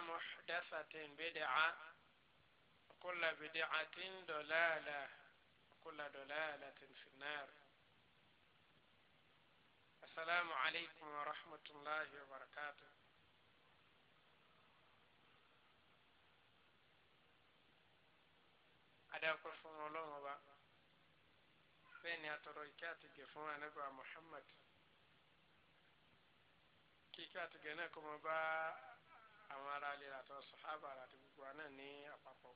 محدثة بدعة وكل بدعة دلالة وكل دلالة في النار السلام عليكم ورحمة الله وبركاته أدعوكم Muhammad kọ́ bá àwọn ará ilé àti sàhábà àti gbogbo àná ní àpapọ̀.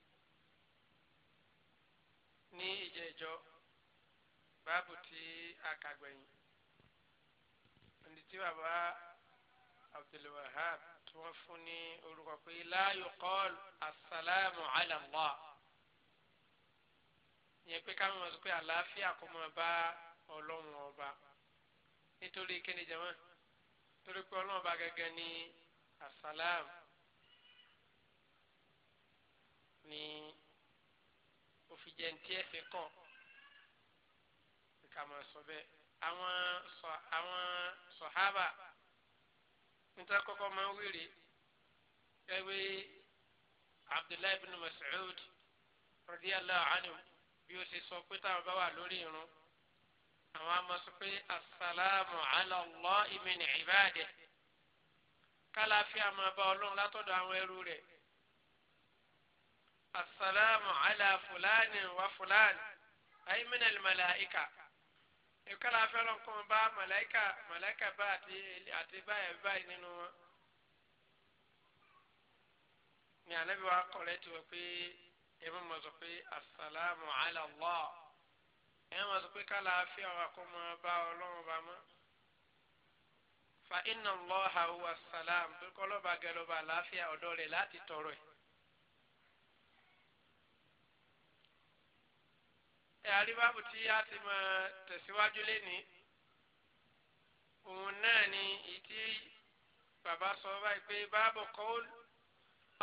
ní ìjẹ́jọ́ báàbù tí a kà gbẹ̀yìn ẹni tí bàbá abdulwahab tí wọ́n fún ní orúkọ pé la yuqal asalaamu ala Allah yẹn pé káwọn ọmọ sọ àlàáfíà kò máa bá ọlọ́run ọba nítorí kíni jẹ́wọ́n torí pé ọlọ́run ọba gẹ́gẹ́ ní asalaam ni òfin jẹntì ẹsẹ kọ nǹkan mọ sọ bẹ́ẹ̀ àwọn sọ àwọn sọhábà níta kọ́kọ́ máa ń wíìrì ẹwé abdullahi bin mas'ud radiyallahu anhu bí ó ṣe sọ pé táwọn bá wà lórí irun àwọn àmọ́ sọ pé asalaamu ala Allahi min kálá fi àmọ́ bá ọlọ́run látọ̀dọ̀ àwọn ẹrú rẹ̀ asalaamu ala fulani wa fulani ayi mina malaika ìkọlá afẹ́ràn kan bá malaika malaika bá àti àti báyìí báyìí nínú wọn ni anabi wa kọrẹ tiwọ pé ẹ mọ mọ sọ pé asalaamu ala allah ẹ mọ sọ pé kálá afẹ́ wa kó mọ bá ọlọ́run bá mọ́ fa inna allah huwa salam tó kọ́ lọ́ba gẹ́lọ́ba àlàáfíà ọ̀dọ́ rẹ̀ láti tọrọ ẹ̀. àríbábù tí a ti máa tẹ̀síwájú lẹ́ni òun náà ni ìdí bàbá sọ báyìí pé báàbò kọ́ọ́lù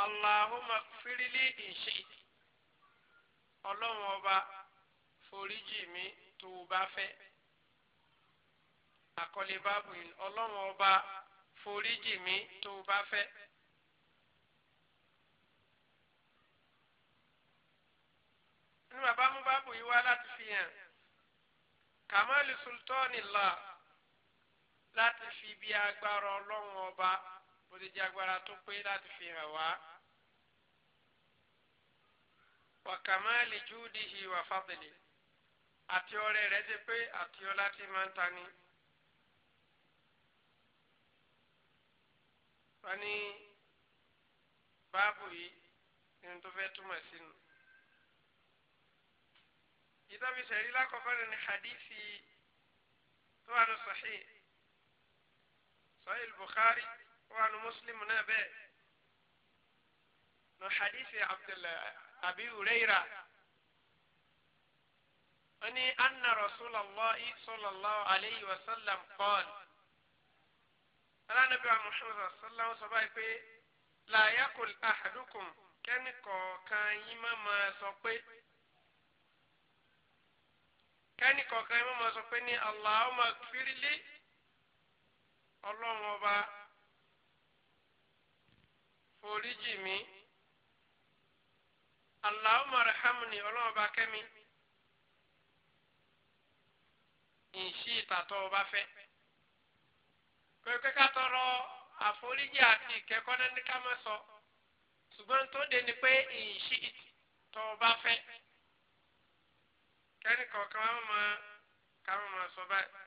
aláhùnmá fírílì ìṣe ọlọ́run ọba foríjì mi tó o bá fẹ́ àkọlé báàbù ọlọ́run ọba foríjì mi tó o bá fẹ́. tí bàbá mú báàbù yìí wá láti fi hàn kàmáàlì sultani la láti fi bí agbára ọlọ́run ọba bó ti jẹ́ agbára tó pé láti fi hàn wá. wa kàmáàlì júdìhì wà fadli àti ọrẹ rẹ̀ ti pé àti ọlá ti máa ń tani. wọ́n ní báàbù yìí ni tó fẹ́ túmọ̀ sínú ìtàbí sẹ̀rí lákọ̀ọ́kọ́ rẹ̀ ní hadithi tó wà ní sahih sahih bukhari wà ní muslim náà bẹ́ẹ̀ ní hadithi abdullahi abi hurayra wọ́n ní anna rasulallah sallallahu alayhi wa sallam qala alánàbíwá muhammad sallallahu sọ báyìí pé la yakul ahadukum kẹ́nìkọ̀ọ̀kan yín má máa sọ pé kẹ́ni kọ̀ọ̀kan ẹ mọ̀ sọ pé ní Allahumma firili ọlọ́run ọba foríjì mi Allahumma rahamni ọlọ́run ọba kẹ́mi ìṣí ìtàtọ̀ ọba fẹ́ pẹ̀lú kátọ́rọ àforíjì àti ìkẹ́kọ̀ọ́ náà ní ká má sọ ṣùgbọ́n tó dé ni pé ìṣí ìtọ̀ ọba fẹ́. kẹ́ni kọ̀ọ̀kan wọn máa káwọn máa sọ báyìí.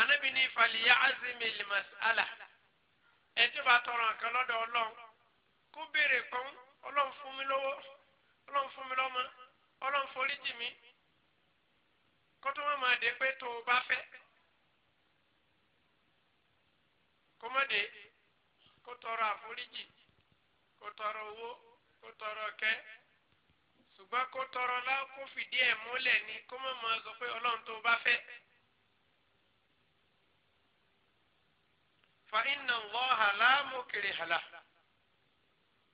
anabi ní ìfàlìyà azimi limasala ẹjọ́ bá tọrọ nǹkan lọ́dọ̀ ọlọ́run kó béèrè pọ́n ọlọ́run fún mi lọ́wọ́ ọlọ́run fún mi lọ́mọ ọlọ́run forí jì mí kótó wọn máa dé pé tó o bá fẹ́ kó má dé kó tọrọ àforíjì kó ṣùgbọ́n kó tọrọ láwọn kó fìdí ẹ̀ múlẹ̀ ni kó má máa sọ pé ọlọ́run tó bá fẹ́. fa inna Allaha la mukriha lah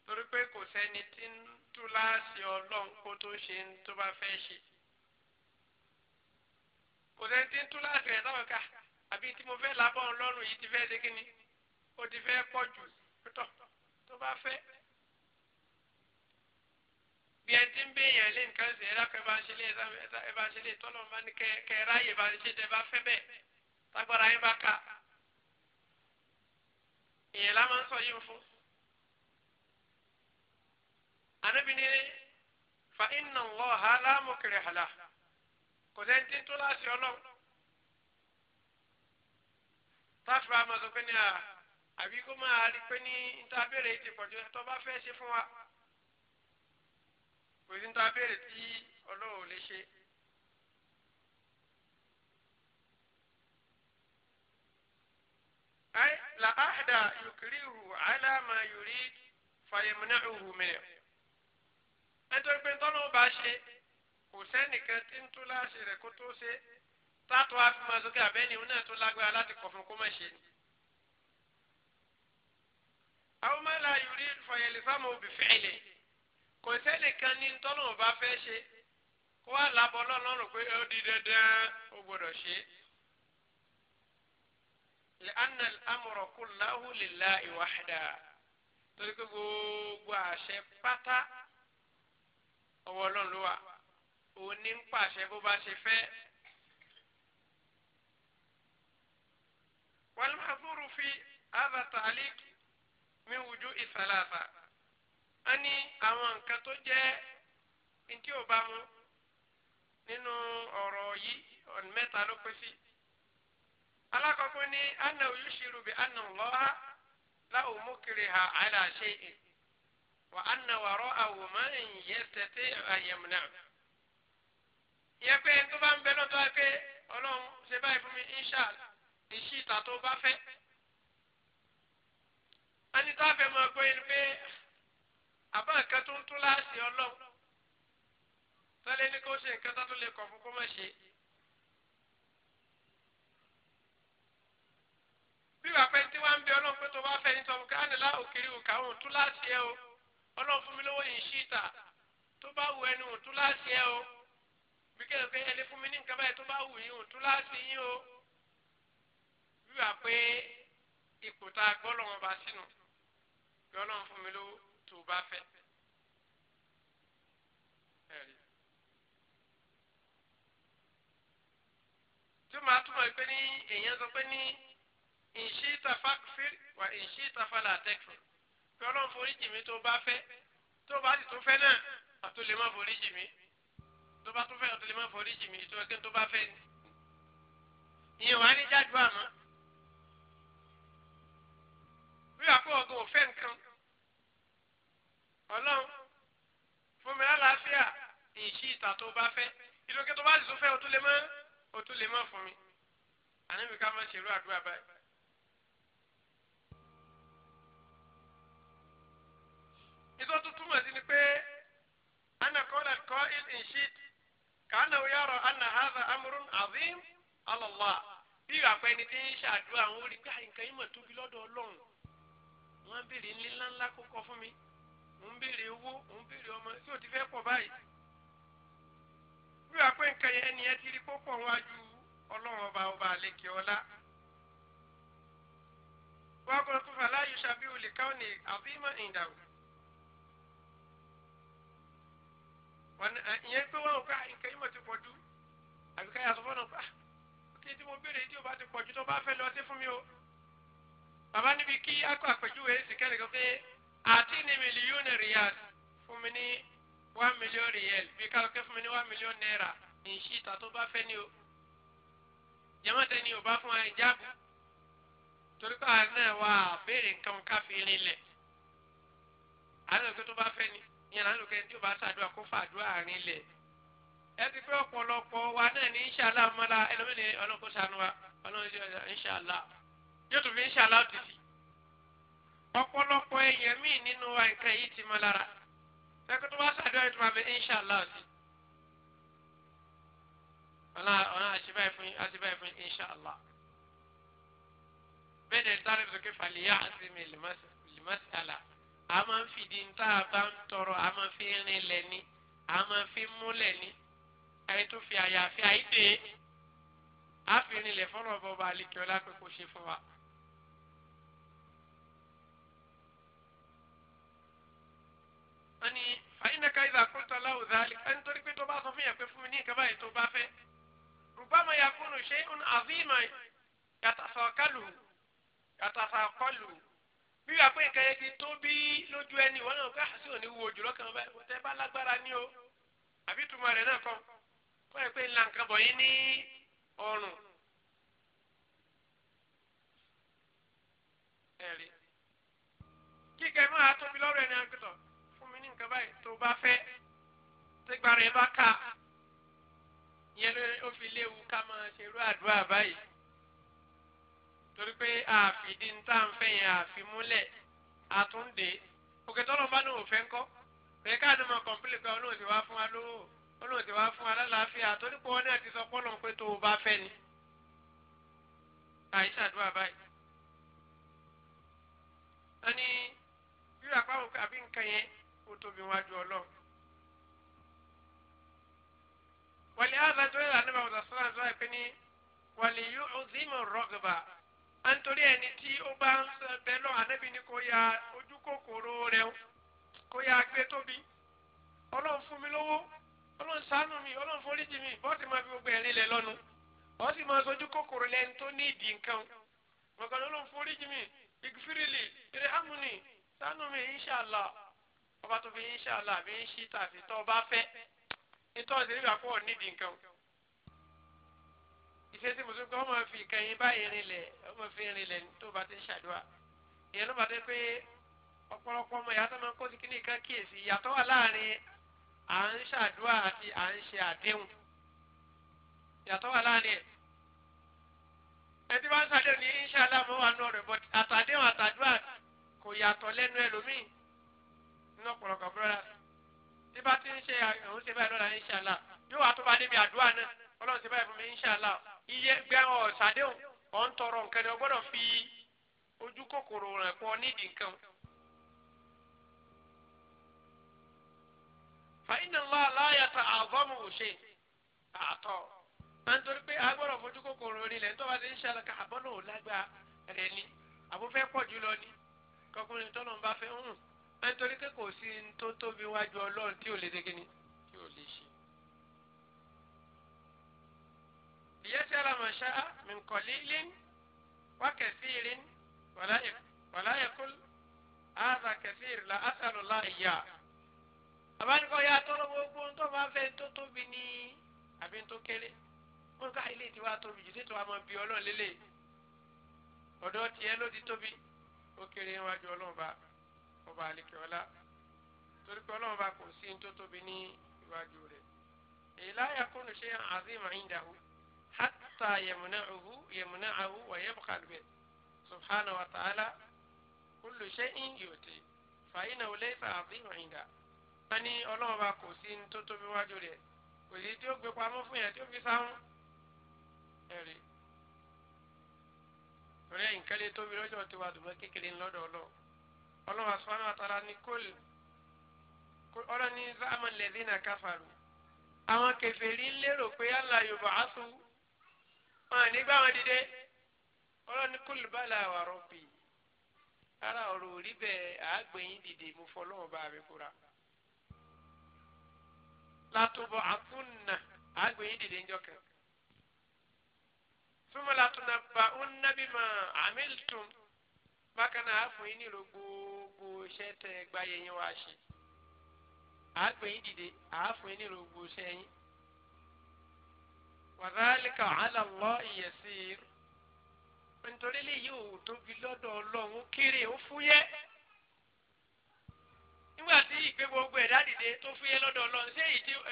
torí pé kò sẹ́ni tí ń tú láàṣì ọlọ́run kó tó ṣe ń tó bá fẹ́ ṣe. kò sẹ́ni tí ń tú láàṣì rẹ̀ táwọn ká àbí tí mo fẹ́ lábọ́ ọlọ́run yìí ti fẹ́ ṣe kí ni ó ti fẹ́ pọ̀ jù tó bá fẹ́ bí ẹ ti ń bẹ yẹn lé nǹkan ṣe ẹ̀dá kan ẹ bá ń ṣe lé ẹ bá ń ṣe lé tọ́lọ̀ bá ní kẹ kẹ ráyè bá ń ṣe tẹ bá fẹ́ bẹ́ẹ̀ tágbára yín bá ka ìyẹn la máa ń sọ yín fún. ànábi ni fa iná wọ ha láàmú kiri hàlà kò sẹ́ni tí ń tó láti ọlọ́run táfi bá a máa sọ pé ní àbí kó máa rí pé ní níta béèrè ti pọ̀jù tó bá fẹ́ ṣe fún wa kò sí ní tó abéèrè tí ọlọ́wọ́ lè ṣe. ay la ahda yukirihu ala ma yurid fayamunahu minhu. nítorí pé tọ́lọ́ bá ṣe kò sẹ́nìkan tí ń tún láṣẹ rẹ̀ kó tó ṣe tátó àfihàn sókè abẹ́ni òun náà tó lágbára láti kọ̀ fún kó má ṣe ni. àwọn máa la yurid fayalisamu bi fi'li kò sẹ́nìkan ní tọ́lọ́mù bá fẹ́ ṣe kó wá lábọ́ lọ́lọ́rùn pé ó di dandan ó gbọ́dọ̀ ṣe. لأن الأمر كله لله وحده torí pé gbogbo àṣẹ pátá ọwọ́ ọlọ́run ló wà òun ní ń pàṣẹ bó bá ṣe fẹ́. والمحظور في هذا التعليق من وجوه ثلاثة a ní àwọn nǹkan tó jẹ́ ntí ò bá mu nínú ọ̀rọ̀ yìí ọ̀nà mẹ́ta ló pín sí. alákọ̀ọ́kọ́ ní anna yushiru bi anna Allaha lahu mukriha ala shay'in wa anna wara'ahu man yastati'u an yamna'u. ìyẹn pé tó bá ń bẹ lọ́tọ́ ẹ pé ọlọ́run ṣe báyìí fún mi insha ìṣí tó bá fẹ́. a tó a fẹ́ mọ ọgbọ́n yìí pé àbá nǹkan tó ń tún láàṣì ọlọ́run tọ́lé ní kó ṣe nǹkan tó tún lè kọ̀ fún kó má ṣe. bí bàbá ẹni tí wàá ń bẹ ọlọ́run pé tó bá fẹ́ ní sọ fún káàní láò kiri òkà òun tún láàṣì ẹ o ọlọ́run fún mi lówó yìí ṣíta tó bá wù ẹni òun tún láàṣì ẹ o bí kẹ́lẹ́ pé ẹni fún mi ní nǹkan báyìí tó bá wù yín òun tún láàṣì yín o bí bàbá pé ipò tá a gbọ́ lọ́wọ́ bá sínú bí ọlọ́run fún mi lówó tó bá fẹ́. tí màá túmọ̀ pé ní èèyàn sọ pé ní ìṣe tafa fẹ́ wà ìṣe tafa là tẹ́kù pé ọlọ́run forí jì mí tó bá fẹ́ tó bá sì tó fẹ́ náà àtò lè má forí jì mí tó bá tó fẹ́ àtò lè má forí jì mí tó ẹgbẹ́ tó bá fẹ́ ni. ìyẹn wàá ní jáde wà mọ́. bí àpò ọ̀gá òfẹ́ nǹkan. ìgbà tó bá fẹ́ ìdókè tó bá sì tún o tún lè mọ́ o tún lè mọ́ fún mi ànábì ká má ṣerú àdúrà báyìí. ìtọ́ tó túmọ̀ sí ni pé ana kọ́lá kọ́ il inshit kàánà ó yàrá ana haza amurun azim alallah bí ìgbàgbọ́ ẹni tí ń ṣàdúrà wọn ó rí pé ah, nǹkan yìí mọ̀ tóbi lọ́dọ̀ ọlọ́run wọn ń béèrè ńlẹ́ ńláńlá kó kọ fún mi mo ń owó mo ń ọmọ tí ò ti fẹ́ pọ̀ báyìí bí wàá pé nǹkan yẹn ẹni yẹn ti rí pópọ̀ wájú ọlọ́run ọba ọba àlekè ọlá wọ́n kọ́ tó fà láàyè ṣàbí olè káwọn ní àbímọ ìdàwó. ìyẹn pé wọn ò ká nǹkan yìí mọ̀ ti pọ̀jù àbí ká yàtọ̀ fọ́nà pa kí tí mo béèrè tí o bá ti pọ̀jù tó bá fẹ́ lọ sí fún mi o. bàbá níbi kí akọ àpèjúwe sì kan pé àti ní mílíọ̀nù riyal fún mi ní one million riel bí kálukẹ́ fún mi ní one million naira ìṣí ìta tó bá fẹ́ ni o jẹ́mọ́tẹ́ ni o bá fún wa ìjáàbù torí pé àárín náà wà béèrè nǹkan ká fi rin lẹ̀ àárín òkè tó bá fẹ́ ni ìyẹn àárín òkè tí ò bá ṣàdúrà kó fàdúrà rin lẹ̀ ẹ ti pé ọ̀pọ̀lọpọ̀ wa náà ní inṣàlá mọ́lá ẹlòmíì ní ọlọ́kọ̀ sanu wa ọlọ́run ṣe inṣàlá yóò tún fi inṣàlá òtítì ọ̀pọ̀lọpọ̀ ẹ̀yẹ̀mí nínú wa nǹkan yìí ti mọ́ lára sẹ́kù tó bá ṣàdúrà yìí tó máa bẹ inṣàlá sí. ọ̀nà ọ̀nà àṣìbá ìfún àṣìbá ìfún inṣàlá. bẹ́ẹ̀ ni sáré sókè fàlíyà àti mi lìmọ́sàlà a máa ń fìdí ń tá a bá ń tọrọ a máa fi rin lẹ̀ ni a máa fi múlẹ̀ ni ẹni tó fi àyàfi àìdè á fi rin lẹ̀ fọ́nà bọ́ba àlekè ọlá pé kò ṣe fún wa. wọ́n ní àyínàká ìdá kúntà láwùjá ẹni torí pé tó bá sọ fún yẹn pé fún mi ní nǹkan báyìí tó bá fẹ́ rúbámọ̀ ya kúnnù ṣé ń àzímọ̀ yàtàsọ̀kálù yàtàsọ̀kọlù bí wàá pé nǹkan yẹn ti tó bí lójú ẹni wọn náà gáà sí òní wo jùlọ kan báyìí tẹ bá lágbára ní o àbí tùmọ̀ rẹ̀ náà kọ́ kọ́ ẹ pé ńlá nǹkan bọ̀ yín ní ọrùn kíkẹ́ máa tóbi lọ́rọ̀ ẹni àgbẹ̀tọ̀ nǹkan báyìí tó bá fẹ́ tígbà rẹ̀ bá kà ìyẹn ló ó fi léwu ká máa ṣerú àdúrà báyìí torí pé àfìdí ń tá à ń fẹ́ yẹn àfimúlẹ̀ àtúndé òkè tọ́lọ̀ bá náà ò fẹ́ ńkọ́ bẹ́ẹ̀ káàdì máa kọ̀m̀pìlì pé ọlọ́run ti wá fún wa lówó ọlọ́run ti wá fún wa lálàáfíà torí pé wọn náà ti sọ pọ́nlọ̀ pé tó o bá fẹ́ ni àyíṣà àdúrà báyìí. wọ́n ní rírà pàwọn àbí nǹkan yẹn ó tóbi wájú ọlọ́run. wàlẹ́ àbájọ ìlànà nígbà wọ́n sọ láti wáyé pé ní wàlẹ́ yóò ọ̀zímọ̀ rọ́gàbà à ń torí ẹni tí ó bá ń bẹ lọ ànábì ni kò ya ojú kòkòrò rẹ kò ya gbé tóbi ọlọ́run fún mi lówó ọlọ́run ṣàánú mi ọlọ́run foríjì mi bọ́ọ̀sì máa fi gbogbo ẹ̀rín lẹ lọ́nu bọ́ọ̀sì máa sojú kòkòrò lẹ́ni tó ní ìdí nǹkan mọ̀gàn ọlọ́run foríjì mi ìgbìfìrìlì ìrẹ́hàmùnì ṣàánú mi inṣàlá ọba tó fi inṣàlá àbí ṣí tàbí tó bá fẹ́ nítorí ọ̀sẹ̀ nígbà pọ̀ nídìí nǹkan o ìfẹ́ tí mùsùlùmí kan máa fi ìkànnì báyìí rinlẹ̀ ọmọ fi rinlẹ̀ tó bá ti ń ṣàdúrà ìyẹn ló bá dé pé ọ̀pọ̀lọpọ̀ ọmọ ìyàtọ̀ máa ń kó sí kíní kan kíyèsí ìyàtọ̀ wà láàrin à ń ṣàdúrà àti à ń ṣe àdéhùn ìyàtọ̀ wà láàrin ẹ̀ ẹtí bá ń ṣàdéhùn ní inṣàlá mọ́ wà nù ọ̀rẹ́ bọ́t àtàdéhùn àtàdúrà kò yàtọ̀ lẹ́nu ẹlòmíì lọ́pọ̀lọpọ̀ brọ́dà tí bá ti ń ṣe òun ṣe báyìí lọ́la inṣàlá yóò wá tó bá débi àdúrà náà ọlọ́run ṣe báyìí fún mi inṣàlá iye gbẹ ọ̀ ṣàdéhùn ọ̀ ń tọrọ nǹkan ni ọ gbọ́dọ̀ fi ojú kòkòrò rẹ̀ pọ̀ nídìí nǹkan. fàyínà ńlá aláyàtà àbọ̀mù òṣè àtọ̀ máa ń torí pé a gbọ́dọ̀ fojú kòkòrò nílẹ̀ tó bá ti inṣàlá ká àbọ̀ náà lágbá rẹ̀ ni àbúfẹ́ pọ̀ jù ni kọkùnrin tọ́lọ́ nítorí pé kò sí ní tó tóbi wájú ọlọ́run tí ò lè dé kíni tí ò lè ṣe. liyasara man sha'a min qalilin wa kathirin wala yaqul hadha kathir la as'alu Allaha iyya. àbánikọ́ ya tọrọ gbogbo tó máa fẹ́ tó tóbi ní àbí tó kéré wọn ká ilé tiwa tóbi jù tètè wa máa bí ọlọ́run lélẹ̀ ọ̀dọ́ tiẹ̀ ló ti tóbi ó kéré níwájú ọlọ́run bá a ọba àlekèọlá torí pé ọlọ́run bá kò sí ní tó tóbi ní iwájú rẹ̀ èyí láyà kónú ṣe àzìmà ìdáhù hàtà yẹmúnáhù yẹmúnáhù wàyẹbùkàlùbẹ subhana wa ta'ala kúlù ṣe ń yòtè fàyínà wọlé ṣe àzìmà ìdá. wọ́n ní ọlọ́run bá kò sí ní tó tóbi wájú rẹ̀ kò sí tí ó gbé pamọ́ fún yẹn tí ó fi sáwọn ẹ̀rí. torí ẹ̀yìn kẹ́lẹ́ tóbi lọ́jọ́ tiwa dùgbọ́ kékeré ńlọ́dọ̀ ọlọ́run ọlọ́wà subhanahu wa ta'ala ní kólì ọlọ́ ní záàmù lẹ́dínà káfàrú àwọn kèfèrí ń lérò pé Allah yub'athu wọn à ní gbà wọn dìde ọlọ́ ní kólì bala wa rabbi ara ọ̀rọ̀ òrí bẹ́ẹ̀ àgbẹ̀yìn dìde mo fọ́ lọ́wọ́ bá mi fura látọ̀bọ̀ àtúnnà àgbẹ̀yìn dìde ńjọ súnmọ́ látọ̀nà bá ń nábì mọ́ àmìlítùn bákan náà àfọ̀yín nílò gbòó gbogbo iṣẹ́ tẹ gbáyé yín wá ṣe àápè yín dìde àáfò yín nílò gbogbo iṣẹ́ yín. wàdálíkà ala Allah yasir nítorí léyìí ò tóbi lọ́dọ̀ ọlọ́run ó kéré ó fúyẹ́ nígbà tí ìgbé gbogbo ẹ̀dá dìde tó fúyẹ́ lọ́dọ̀ ọlọ́run ṣé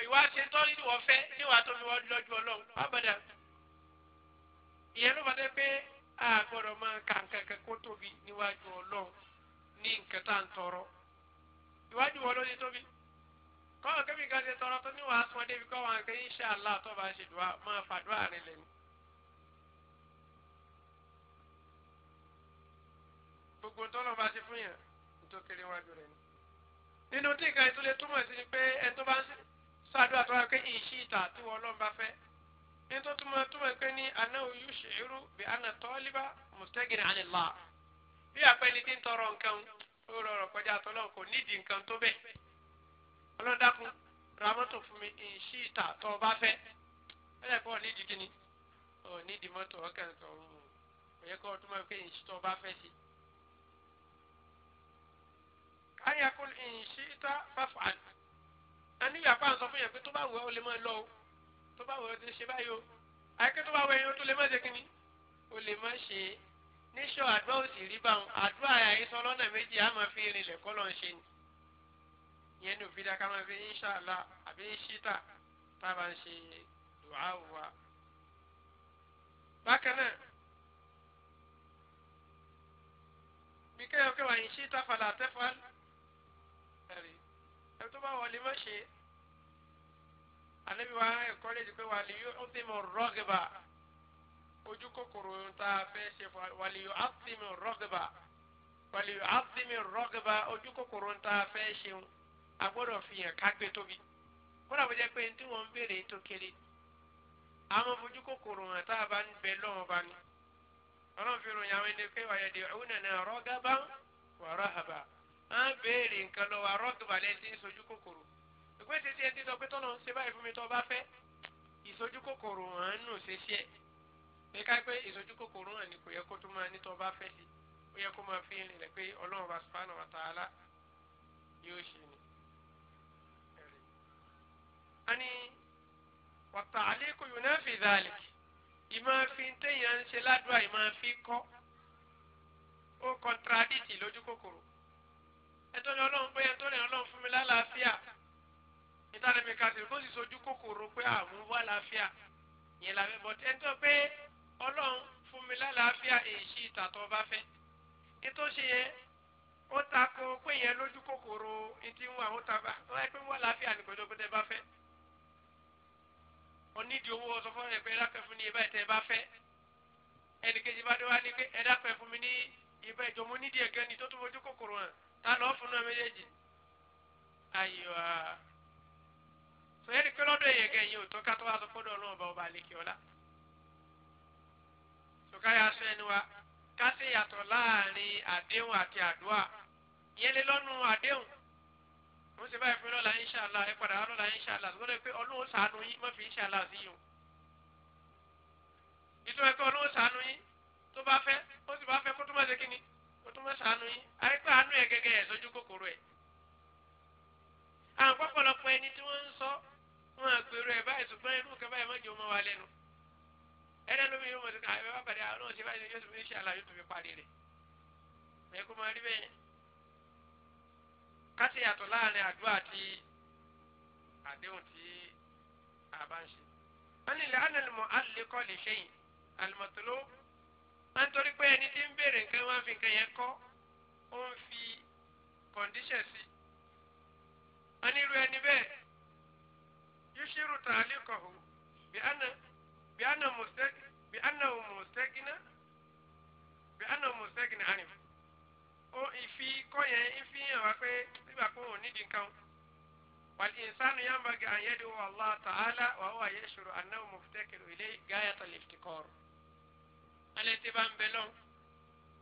ìwà ṣe tọ́lí ni wọ́n fẹ́ níwàá tó fi wọ́n lọ́jú ọlọ́run abàdà ìyẹn ló fà dé pé a gbọ́dọ̀ máa kà nǹkan kan kó tóbi níwájú ọlọ́run ní nǹkan tá à ń tọrọ ìwádìí wọn ló ní tóbi kọ́nà kébì kan ti tọrọ tó níwàá sọ débi kọ́ wọn kẹ́ insha Allah tó bá ṣe dùá máa fàdúrà rẹ lẹ́nu. gbogbo tọ́lọ̀ bá ti fún yàn tó kéré wájú rẹ ni. nínú tí nǹkan ìtúlẹ̀ túmọ̀ sí ni pé ẹni tó bá ń ṣàdúrà tó wá pé ìṣí ìta tí wọn lọ́n bá fẹ́. ní tó túmọ̀ túmọ̀ pé ní anáwó yóò ṣe irú bí aná bí àpẹni tí ń tọrọ nǹkan ó rọrọ kọjá tọlọ́run kò nídìí nǹkan tó bẹ́ẹ̀ ọlọ́dàkùn ra mọ́tò fún mi ìṣí ìta tó o bá fẹ́ ó yẹ kó o nídìí kíni ó nídìí mọ́tò ọkàn tọrọ ó yẹ kó o tún máa fi ìṣí tó o bá fẹ́ sí. káyà kún ìṣí ìta fáfà àníyàn apá àǹsọ fún yẹn pé tó bá wù ẹ́ lè máa lọ o tó bá wù ẹ́ ti ṣe báyìí o àyíké níṣọ àdúrà ò sì rí bá wọn àdúrà àìsàn lọ́nà méjì á máa fi rinlẹ̀ kọ́ lọ́n ṣe ni ìyẹn ní òfin dáká máa fi inṣàlá àbí ṣítà tá a bá ń ṣe dùá wa. bákan náà bí kéèyàn kéwàá yìí ṣítà fàlà àtẹ́fà ẹ̀rí ẹ̀rí tó bá wọlé má ṣe ànábi wa ẹ̀kọ́ lè di pé wà á lè yọ ọ́ bí ojú kòkòrò tá a fẹ́ ṣe wàlíyù ásímì rọ́gìbà wàlíyù ásímì rọ́gìbà ojú kòkòrò tá a fẹ́ ṣe a gbọ́dọ̀ fi hàn kágbé tóbi kódà bó jẹ́ pé tí wọ́n ń béèrè tó kéré àwọn fojú kòkòrò hàn tá a bá ń bẹ lọ́wọ́n bá ní. ọlọ́run fi ròyìn àwọn ẹni pé wàyà dé òun nàná rọ́gàbá wà ráhàbà á ń béèrè nǹkan lọ́wọ́ rọ́gàbà lẹ́yìn tí kòkòrò. ìpè tètè ẹ ti sọ pé tọ́lọ́ ṣe báyìí fún mi tó bá fẹ́ ìsojú kòkòrò hàn ń nù ṣeṣẹ́ pé ká pé ìsojú kòkòrò náà ni kò yẹ kó tó máa ní tó bá fẹ́ sí ó yẹ kó máa fi ń rìnlẹ̀ pé ọlọ́run bá subhanahu wa ta'ala yóò ṣe ni. a ní wàtà àlékún yóò náà fi dàlẹ̀ ìmọ̀ fi ń téèyàn ń ṣe ládùúgbà ìmọ̀ fi kọ́ ó kọ́ntradìtì lójú kòkòrò ẹtọ́ ni ọlọ́run pé ẹtọ́ ni ọlọ́run fún mi lálàáfíà ìtàlẹ́mìkàtì kó sì sojú kòkòrò pé àwọn wà láàfíà yẹn làwọn ẹ̀bọ̀tẹ́ ọlọ́run fún mi lálàáfíà èyí ìtàtọ̀ bá fẹ́ ètò ṣe yẹ ó ta ko pé yẹn lójú kòkòrò etí ń wà ó ta bá wọ́n yẹ pé wọ́n láàfíà ní gbọdọ̀gbọdọ̀ bá fẹ́ onídìí owó ọsọ fún ẹgbẹ́ ẹ̀dáfẹ́ fún ní ibà ẹ̀tẹ́ bá fẹ́ ẹnìkejì bá dé wá ní pé ẹ̀dáfẹ́ fún mi ní ibà ìjọmọ nídìí ẹ̀gẹ́ ni tó tún fojú kòkòrò hàn ta lọ́ fún náà méjèèjì ayọ̀ sọ yẹ́nì pé lọ́dọ̀ ẹ̀yẹ̀gẹ́ yìí ò tó ká tó wá sọ fọ́dọ̀ ọlọ́run ọba ọba àlekè ọlá tọ́ka yà sọ ẹni wa ká sì yàtọ̀ láàrin àdéhùn àti àdúrà ìyẹn lé lọ́nu àdéhùn wọ́n ti báyìí pé lọ́la inṣàlá ẹ padà wá lọ́la inṣàlá tó lè pé ọlọ́run sànú yín má fi inṣàlá sí yìí o ìtumọ̀ pé ọlọ́run sànú yín tó bá fẹ́ ó sì bá fẹ́ kó tó má ṣe kíni kó tó má sànú yín àyíká àánú ẹ̀ gẹ́gẹ́ ẹ̀ sójú kòkòrò ẹ̀ àwọn pọ́pọ́lọpọ̀ ẹni tí wọ́n ń sọ wọn àgbèrò ẹ̀ báyìí ṣùgbọ́n irú kẹfà ẹ̀ mọ́jọ́ mọ́ wa lẹ́nu ẹ̀rẹ́ lómi yóò mọ̀ sí káyọ̀ bá bàdé àwọn ọ̀sẹ̀ báyìí yóò tún ṣe àlàyé tún fi parí rẹ̀ ẹ̀kú máa rí bẹ́ẹ̀ ká ṣe yàtọ̀ láàrin àdúrà àti àdéhùn tí a bá ń ṣe. wọ́n ní lẹ́hàn lẹ́mọ̀ lè ṣẹ́yìn àlùmọ̀tòló wọ́n torí pé ẹni tí ń béèrè nǹkan wọ́n fi nǹkan yẹn kọ́ ó ń fi kọ̀ǹdíṣẹ̀ sí i. wọ́n ní ẹni bẹ́ẹ̀ yóò ṣírù tààlì kọ̀ọ̀hún bí bí ana mùsẹ́kì bí ana mùsẹ́kì náà bí ana mùsẹ́kì náà ànìfẹ́ ó ìfi kọ́ yẹn ìfi hàn wá pé bíbà kó wọn nídìí nǹkan wàlí ìsánú yá máa gẹ àyẹ́dẹ́ Allah ta'ala wà ó àyẹ́ ìṣòro anáwó muftakiru ilé gáyàtọ̀ liftikọ́rù alẹ́ tí bá ń bẹ lọ́n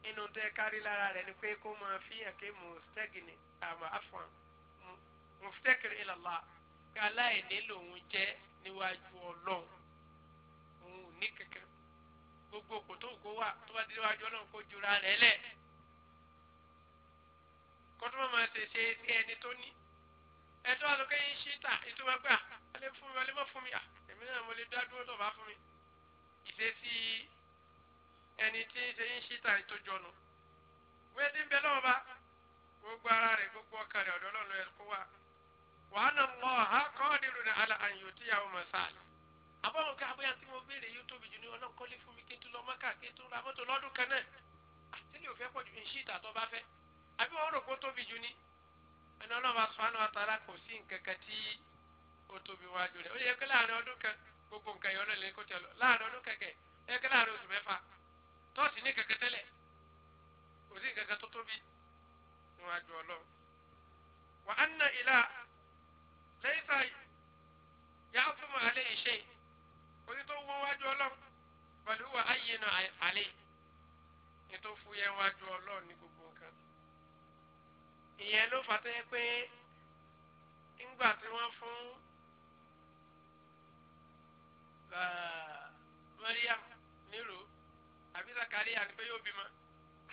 inú tẹ kárí lára rẹ̀ ni pé kó máa fi hàn pé mùsẹ́gìnì àmọ́ àfọ̀n muftakiru ila Allah pé aláìní lòun jẹ́ níwájú ọlọ́run ní kẹ̀kẹ́ gbogbo kò tó kó wà tó bá dídá wájú ọlọ́run kó jura rẹ̀ lẹ̀ kótó mọ̀ máa ṣe ṣe tí ẹni tó ní ẹtọ́ àlùkẹ́ yín ṣí tà ètò máa gbà alẹ́ fún mi alẹ́ mọ̀ fún mi à èmi náà mo lè dá dúró tó bá fún mi ìṣesí ẹni tí ń ṣe yín ṣí tà ètò jọnu wíwẹ́ tí ń bẹ lọ́wọ́ bá gbogbo ara rẹ̀ gbogbo ọkàn rẹ̀ ọ̀dọ́ ọlọ́run ẹ̀ kó wà wàhánà mọ́ ọ̀há kọ́ọ̀dì rúnà àlà àyùtí àbáwọn kan abóyá tí mo béèrè yóò tóbi jù ní ọlọ́kọ́lé fún mi kí n tún lọ mọ́kà kí n tún ra mọ́tò lọ́dún kan náà àtẹ́lẹ̀ ah, ò fẹ́ pọ̀ ju ìṣí ìtà tó bá fẹ́ àbí wọ́n rò pé ó tóbi jù ní. ẹni ọlọ́run asọ́nù àtàrà kò sí nǹkan kan tí ó tóbi wájú rẹ̀ ó yẹ kí láàrin ọdún kan gbogbo nǹkan yọ̀ lọ́lẹ̀ kó tẹ̀ lọ láàrin ọdún kẹ̀kẹ́ ẹ kí láàrin oṣù mẹ́fà tọ́ọ̀sì ní kẹ̀kẹ́ tẹ́lẹ̀ kò sí nǹkan oní tó wọ́n wájú ọlọ́run pẹ̀lú wà áyé náà àlè ní tó fúyẹ́ wájú ọlọ́run ní gbogbo nǹkan. ìyẹn ló fà tó yẹ pé ńgbà tí wọ́n fún ah, Mariam nílò àbí Zakaria ni pé yóò bímọ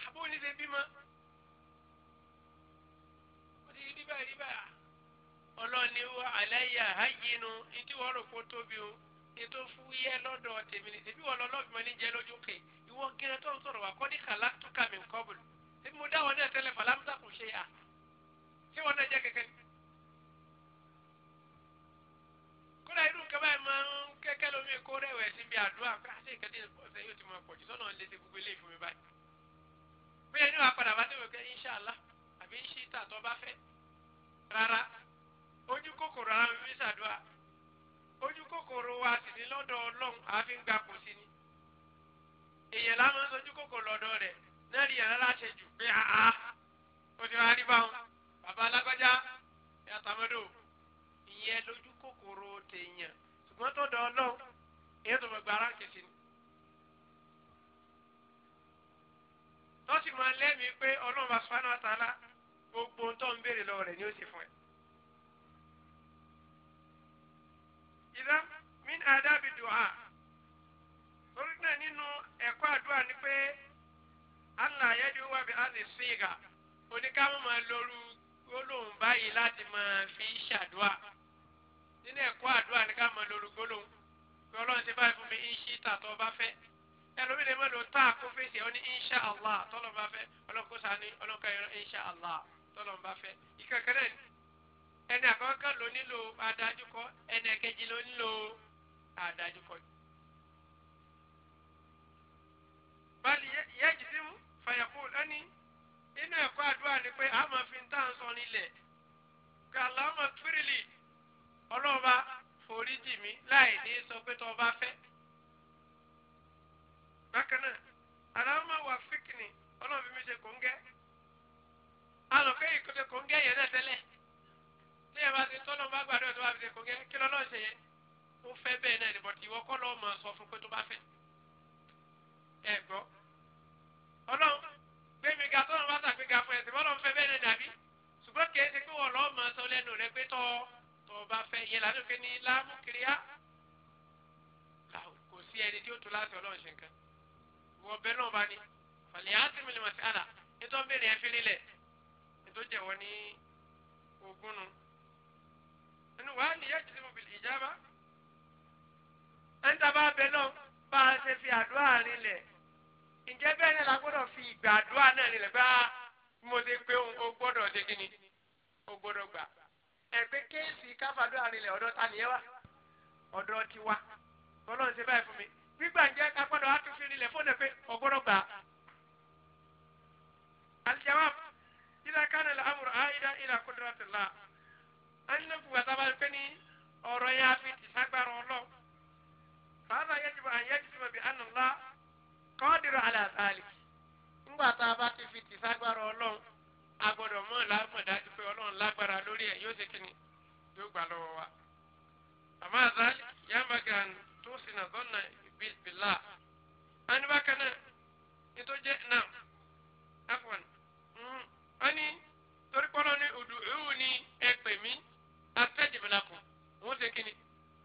àbó ní ṣe bímọ ó ti rí báyìí rí báyìí ọlọ́ni wa àlẹ́ yà á yínú ní tí wọ́n rò kó tóbi o ètò fúyẹ́ lọ́dọ̀ tèmi ni tèmi wọn lọ lọ́ọ̀bì mọ́ ní jẹ́ lójú kè ìwọ gẹ́rẹ́ tó ń sọ̀rọ̀ wà kọ́ ní kàlákùtùkà mi kọ́bùlù tèmi mo dá wọn náà tẹ́lẹ̀ fàlámùsà kò ṣe à ṣé wọn náà jẹ́ kẹ̀kẹ́ ni. kódà irú nǹkan báyìí máa ń kẹ́kẹ́ lómi kó rẹ̀wẹ̀sì bí àdúrà pé àṣẹ ìkẹ́tẹ́ ọ̀sẹ̀ yóò ti máa pọ̀ jù sọ́nà lè ṣe gbogbo ilé ìfúnmi báyìí. bóyá ní wàá padà bá tó wọ̀kẹ́ inṣàlá àbí ṣíta tó bá fẹ́ rárá ojú kòkòrò ojú kòkòrò wa sì ní lọ́dọ̀ ọlọ́run àfi ń gbapò sí ni èèyàn la máa ń sojú kòkòrò lọ́dọ̀ rẹ̀ náà rí yàrá láti jù pé àá ó ní wàá rí báwọn bàbá alágbájá ẹ àtàmọ́dò ìyẹn lójú kòkòrò tèèyàn ṣùgbọ́n tó dọ̀ ọlọ́run èèyàn tó mọ̀ gbà ránkì sí ni. tó sì máa lẹ́mìí pé ọlọ́run bá sọ fún àwọn àtàlà gbogbo ohun tó ń béèrè lọ́wọ́ rẹ̀ ni ó sì fún ẹ̀. ìdá min adábì dùhà torí náà nínú ẹ̀kọ́ àdúrà ni pé Allah yẹ́dí wà bí àti sígà oníkàmọ́ máa lóru gbólóhùn báyìí láti máa fi ṣàdúrà nínú ẹ̀kọ́ àdúrà ni ká máa lóru gbólóhùn pé ọlọ́run ti báyìí fún mi ìṣí tàtọ́ bá fẹ́ ẹlòmíì lè má lò tá a kó fèsì ọ ní insha Allah tọ́lọ́ bá fẹ́ ọlọ́kọ́sá ní ọlọ́kọ́ yẹn insha Allah tọ́lọ́ bá fẹ́ ìkẹ́kẹ́ náà ẹni àkọ́kọ́ ló nílò adájú kọ ẹni ẹ̀kejì ló nílò adájú kọ. bali yẹ́jì sí mu fàyàkó lẹ́ni inú ẹ̀kọ́ àdúrà ni pé a máa fi ń tà ń sọ nílẹ̀ kí aláwọ̀ fírìlì ọlọ́ọ̀ba forí jì mí láì ní sọ pé tó o bá fẹ́. bákan náà aláwọ̀ wà fíkìnì ọlọ́ọ̀bí mi ṣe kò ń gẹ́ alùpùpù kò ń gẹ́ yẹn náà tẹ́lẹ̀ bí bá ti tọ́lọ̀ bá gbàdúrà tó bá fi ṣe kò gẹ́ kí lọ́lọ́ ṣe yẹ ó fẹ́ bẹ́ẹ̀ náà ni bọ̀tì ìwọ kọ́ lọ́ọ́ mọ̀ sọ fún pé tó bá fẹ́ ẹ gbọ́ ọlọ́run gbẹ̀mí ga tọ́lọ̀ bá ṣàgbéga fún ẹ̀sìn bọ́lọ́run fẹ́ bẹ́ẹ̀ náà dàbí ṣùgbọ́n kì í ṣe pé wọ́n lọ́ọ́ mọ̀ sọ lẹ́nu rẹ pé tọ́ tọ́ bá fẹ́ yẹ lánàá pé ní láàmú kiri á kò sí ẹni tí ó tó láti ọlọ́run ṣe nǹkan wọ ni ẹ fi rí inú wa ni yẹ́n jìnnà bìlì ìjábá ẹ̀ńtà bá bẹ náà bá a ṣe fi àdúrà rinlẹ̀ ǹjẹ́ bẹ́ẹ̀ ni la fi ìgbà àdúrà náà rinlẹ̀ ah, bá mo ṣe pé o gbọ́dọ̀ ṣe kí ni o gbọ́dọ̀ gbà ẹ̀gbẹ́ kéèsì káfàdúrà rinlẹ̀ ọ̀dọ̀ ta nìyẹn wa ọ̀dọ̀ ti wa ọlọ́run ṣe báyìí fún mi gbígbà ń jẹ́ kápọ́dọ̀ àtúnṣe rinlẹ̀ fóònù pé ọgbọ́dọ̀ gbà á. aljawab إذا كان الأمر عائدا إلى قدرة الله a ní lókun gbàtà bá pé ní ọ̀rọ̀ yẹn àfi tì sagbára ọlọ́ fàáza yẹjú bá yẹjú sí bàbí ànàlá kọ́ọ̀dìrọ̀ àlàzàlì ńgbà tá a bá ti fi tì sagbára ọlọ́ agbọ́dọ̀ mọ́ làmọ̀dájú pé ọlọ́run lágbára lórí ẹ̀ yóò ṣe kíni yóò gbà lọ́wọ́ wa àmọ́ àzàlì yàmàgà tó sinà zọ́nà bíbélà ani bákan náà ètò jẹ́ náà afọ̀n mhm, ani torí pọ́nlọ́ ní ni ẹ pè astajib lakum wọ́n ṣe kí ni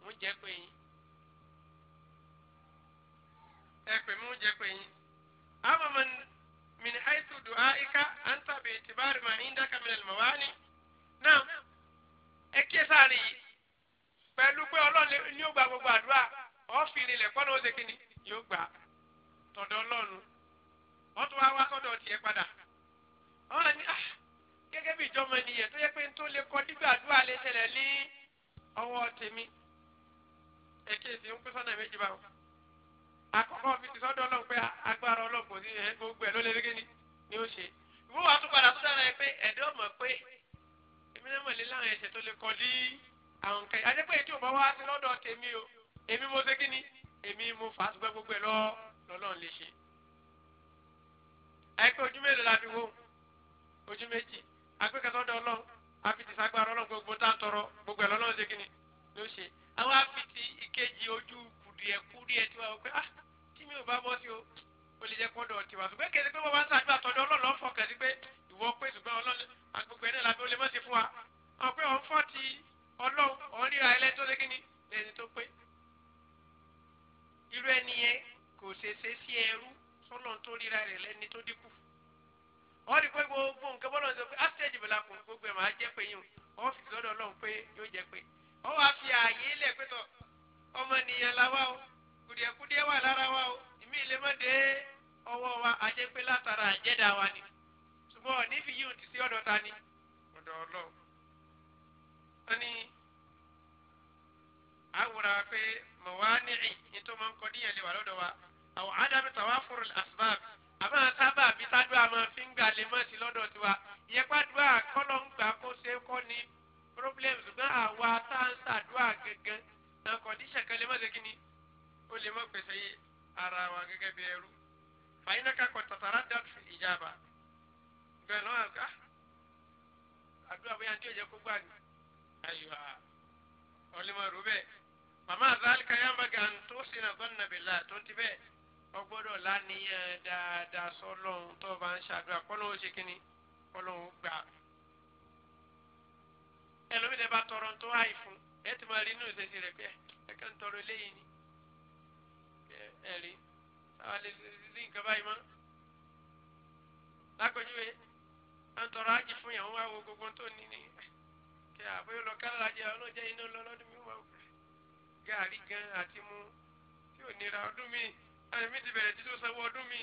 mo jẹ́ pé yín ẹ pè mí mo jẹ́ pé yín. ama man min haythu du'aika anta bi itibari ma indaka min al-mawani náà ẹ kí ẹ sáré yìí pẹ̀lú pé ọlọ́run ni ó gba gbogbo àdúrà ọ́fìn ilẹ̀ kọ́nà ó ṣe kí ni yóò gbà tọ̀dọ̀ ọlọ́run wọ́n tún wá wá sọ́dọ̀ tiẹ̀ padà wọ́n ní gẹ́gẹ́ bí ìjọba ènìyàn tó yẹ pé tó lè kọ́ dígbàdúrà lè ṣẹlẹ̀ ní ọwọ́ tèmi èké tí ń pín sọ́nà méjì báwọn. àkọ́kọ́ fi ti sọ́dọ̀ ọlọ́run pé agbára ọlọ́run kò sí ẹ̀ gbogbo ẹ̀ ló lè rí kíni ni ó ṣe. ìwọ wa tún padà tó dára ẹ pé ẹ̀dọ́ mọ̀ pé èmi náà mọ̀ lé láwọn ẹ̀ṣẹ̀ tó lè kọ́ dí àwọn nǹkan yìí. àjẹpẹ́ ètò ìbọn wá sí lọ́dọ̀ tèmi o èmi mo ṣe kíni èmi mo fà á sùgbẹ́ gbogbo ẹ̀ lọ́lọ́run lè ṣe. àìpé la fi wo ojú méjì agbẹ́kẹ̀sọ́dọ̀ ọlọ́run àfitì sagbára ọlọ́run gbogbo tá a tọrọ gbogbo ẹ̀ lọ́lọ́run ṣe kíni ló ṣe àwọn àfitì ìkejì ojú kùdìẹ̀ kùdìẹ̀ tiwa wọ pé ah tí mi ò bá bọ́ sí o ó lè jẹ́ kọ́dọ̀ tiwa ṣùgbọ́n kẹ́sì pé wọ́n bá ń sàdúrà tọ́dọ̀ ọlọ́run lọ́fọ̀ kẹ́sì pé ìwọ pé ṣùgbọ́n ọlọ́run agbègbè náà làbẹ́ olè mọ́sí fún wa àwọn pé ọ̀n fọ́ ti ọlọ́run wọ́n rí pé gbogbo nǹkan bọ́lá ń sọ pé ásíẹ̀jì bọ̀lá kùn gbogbo ẹ̀ máa jẹ́ pé yín o wọ́n fi sọ́dọ̀ ọlọ́run pé yóò jẹ́ pé wọ́n wá fi ààyè lẹ̀ pé tọ̀ ọmọnìyàn la wá o kùdìẹ̀kùdìẹ̀ wà lára wa o ìmí ilé má dé ọwọ́ wa ajẹ́ pé látara àjẹ́dá wa ni ṣùgbọ́n nífi yíò ti sí ọ̀dọ̀ ta ni ọ̀dọ̀ ọlọ́run àwòrán pé mọ̀wá ní ì ní tó máa ń kọ́ níyàn lè wà lọ́dọ̀ wa àwọn àmọ́ sábà bíi tájú àmọ́ fi ń gbà lè mọ́sí lọ́dọ̀ tiwa ìyẹ́pàdúrà kọ́lọ́ ń gbà kó ṣe kọ́ ni problem ṣùgbọ́n àwa tá à ń ṣàdúrà gangan náà kọ̀díṣẹ̀ kan lè mọ́ ṣe kí ni ó lè mọ́ pèsè ara wa gẹ́gẹ́ bí ẹrú fàyínà kakọ̀ tàtàrà dàtú ìjàmbá gbẹ̀rẹ̀ náà ká àdúrà bóyá tí ó yẹ kó gbà ní ayiwa ọlẹ́mọ̀ rú bẹ́ẹ̀ màmá àzálìkà yàmbá gà ọgbọ́dọ̀ láníyàn dáadáa sọ́lọ́run tó bá ń ṣàdúrà kọ́lọ́hún ṣe kínní kọ́lọ́hún gbà. ẹlòmídẹ́ bá tọrọ tó háì fún ẹ ti máa rí inú ìṣesí rẹ̀ pé ẹ kàn ń tọrọ eléyìí ni ẹ rí sábà lè rí nǹkan báyìí mọ́. lákòjúwe à ń tọrọ ájì fún yàrá wá wo gbogbo tó ní ni kí àbúrò lọ kálá jẹ ọlọ́jẹ́ iná lọ mi wá gàrí gan àti mu tí ò nira ọdún mi àmì ti bẹ̀rẹ̀ títún sanwó ọdún mi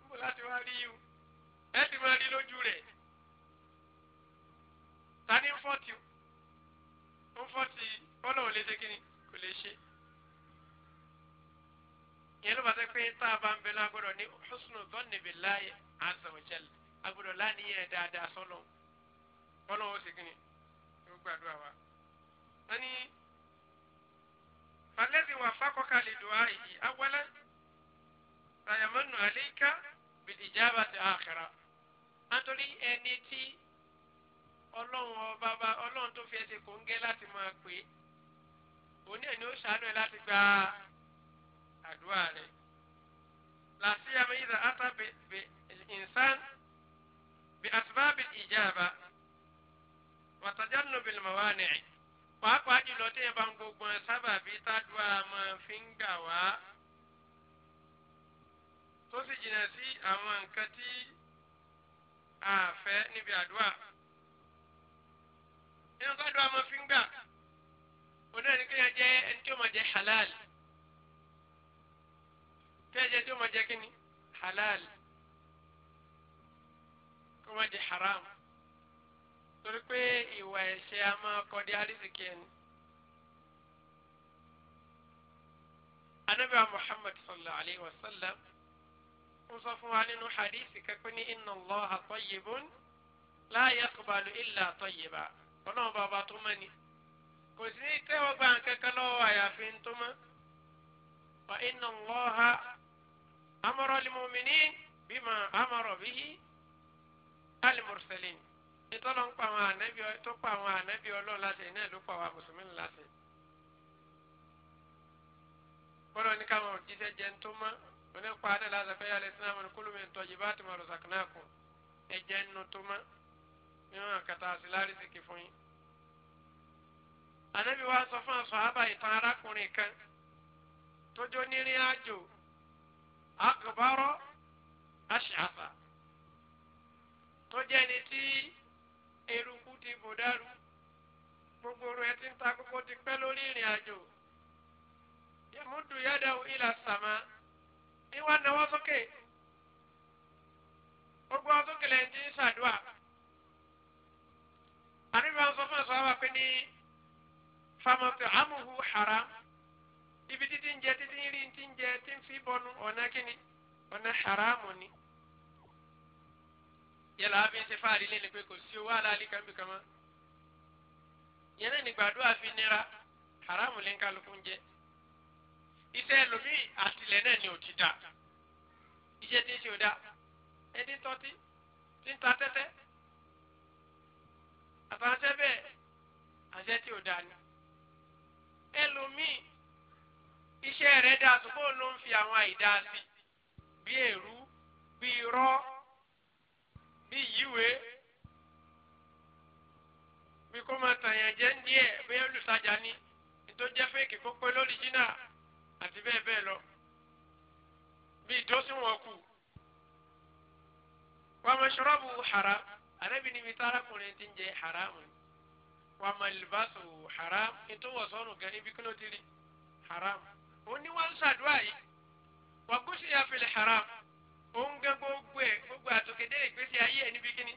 níbo láti wá rí yìí ẹ ti máa rí lójú rẹ̀ ta ni ń fọ́tì ó ń fọ́tì bọ́lá ò lè ṣe kí ni kò lè ṣe yẹn ló bá sẹ pé tá a bá ń bẹ lágbọ́dọ̀ ní husnu dhanni billahi azza wa jalla agbọ́dọ̀ dáadáa sọ́nà ọ̀nà ó sì gbìn yóò gbàdúrà wa. wọ́n ní falẹ́sì wà fákọ́kà dùn àìyí awọ́lẹ́ àyàmọ́nù àlééká bìdìjábà ti àkàrà nítorí ẹni tí ọlọ́run ọba bá ọlọ́run tó fi ẹsẹ̀ kòńgẹ́ láti máa pè é òun náà ni ó ṣàánú ẹ láti gba àdúrà rẹ làásìyàmẹ ìdá ata bẹ ìnsán bẹ asibábi ìjàmbá wàtàjà nù lùmọ̀ wá nìyẹn pàápàá jùlọ tẹ́yẹ̀ bá ń gbogbo ẹ sábà bí tàdúrà máa fi ń gà wá tó sì jìnnà sí àwọn nǹkan tí a fẹ́ níbi àdúrà nínú kádùn àmọ́ fi ń gbà oní ẹni kéèyàn jẹ ẹni tí ó máa jẹ halal kéèyàn jẹ tí ó máa jẹ kíni halal kó máa jẹ haram torí pé ìwà ẹ̀ṣẹ̀ a máa kọ́ di àrísìkí ẹni. anabi muhammad sallallahu alayhi wa sallam ó sọ fún wa nínú hadithi kẹ́kọ́ ní inna Allaha tayyibun la yaqbalu illa tayyiba ọlọ́run bàbá tó mọ́ ni kò sí ní tẹ́wọ́ gba nǹkankan lọ́wọ́ àyàfi tó mọ́ wa inna Allaha amara al-mu'minin bima amara bihi al-mursalin ìtọ́lọ́ ń pa àwọn ànábì tó pa àwọn ànábì ọlọ́run láti iná ìlú pa àwọn mùsùlùmí láti. bọ́lá ní káwọn òjíṣẹ́ jẹun tó mọ́ onípa adé la sọfẹ́ yà lẹ́sìn àmọ́ kúlù mi tọ́jú bá ti mọ̀ rọ̀sàkínàkù ẹ̀jẹ̀ nínú tó má nínú àkàtà àsìlárí sì kì fún yín. ànábi wa sọ fún àsọ̀hábà ìtàn arákùnrin kan tójó nírìn àjò àgbọ̀bárọ̀ àṣàṣà tó jẹ́ eruku ti bò dárú gbogbo ta gbogbo ti pẹ́ lórí ìrìn àjò yẹmúdù yàdà ìlà sàmá ìwà náwó sókè gbogbo asókè lẹ́yìn tí ń ṣàdúrà àníbi àwọn sọfún ẹ̀sọ́ wa pé ní famọ́tò amúhu haram ibi títí ń jẹ títí ń rí ti ń jẹ tí ń fi bọnu ọ̀nà kíni ọ̀nà haramu ni yẹlẹ abin ṣe fáàrí lẹ́nu pé kò sí owó aláàlí kan bí kan mọ́ yẹn náà nígbàdúrà fi nira haramu lẹ́ńkálukú ń jẹ iṣẹ́ ẹlòmíì àtìlẹ̀ náà ni ò ti dà iṣẹ́ tí ń ṣe ò dá ẹni tọ́tí tí ń ta tẹ́tẹ́ àtàṣẹ́ bẹ́ẹ̀ àṣẹ tí ò dá ni ẹlòmíì iṣẹ́ rẹ̀ dá ṣùgbọ́n ló ń fi àwọn àìdá sí bí èrú bí irọ́ bí yíwèé bí kò máa tàyàn jẹ́ ń díẹ̀ bí olùtajà ni nítorí jẹ́ fẹ́ẹ̀kì kó pé lórí jìnnà àti bẹ́ẹ̀ bẹ́ẹ̀ lọ bí ìjọsìn wọn kù wa mashrabu haram àrẹ́bí níbi tárakùnrin ti ń jẹ haramu wa malbasu haram ètò wọ̀sọ́nù gan ibi kí ló ti rí haramu òun ni wọ́n ń ṣàdúrà yìí wa ghushiya fil haram òun gan gbogbo ẹ̀ gbogbo àtòkèdè ìgbésí ayé ẹ̀ níbi kíni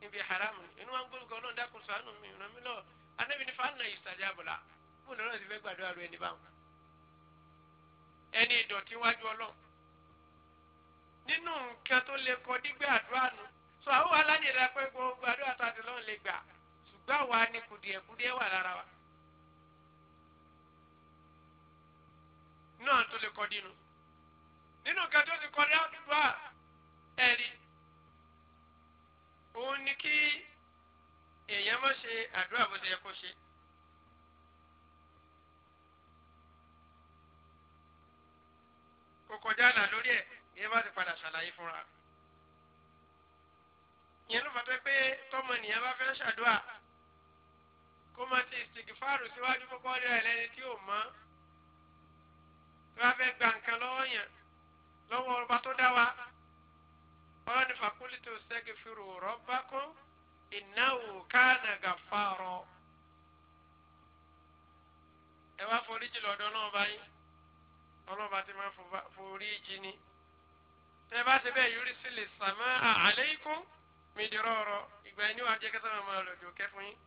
níbi haramu inú wa ń gbólógbó ọlọ́run dákun ṣàánú mi ràn mí lọ àrẹ́bí ní fàánà ìsàdí àbọ̀là fún ìlọ́rọ̀ ti fẹ́ gbàdúrà rẹ̀ níbàwọ̀n ẹni ìdọ̀tí wájú ọlọ́run nínú nǹkan tó lè kọ dígbé àdúrà nù sọ àwọn alánìyẹ̀dá pé gbogbo àdúrà tó àti lọ́run lè gbà ṣùgbọ́n àwa ni kùdìẹ̀kùdìẹ̀ wà lára wa. náà tó lè kọ dínú nínú nǹkan tó lè kọ dá àdúrà ẹ̀rí òun ni kí èèyàn má ṣe àdúrà bó ṣe yẹ kó ṣe. kókó dáná lórí ẹ̀ ìyẹn bá ti padà ṣàlàyé fúnra. ìyẹn ló fàtẹ́ pé tọ́mọ nìyẹn bá fẹ́ ṣàdúrà kó máa ti ìsìnkìfàrù síwájú kókó rí ẹ̀ lẹ́ni tí ò mọ́ tí wọ́n fẹ́ gba nǹkan lọ́wọ́ yẹn lọ́wọ́ ọba tó dá wa ọlọ́ni fàkúlítì òṣèké fìrò rọ́bákún ìnáwó kánà gàfárọ̀ ẹ wá foríjì lọ́dọ̀ náà báyìí ọlọ́ba ti máa forí jì ni tẹ́ bá ti bẹ́ẹ̀ yúrí sí lè sàmá àléékún mi dìrọ̀ ọ̀rọ̀ ìgbà ẹni wàá jẹ́ kẹ́sàn-án máa lọ jò kẹ́ fún yín.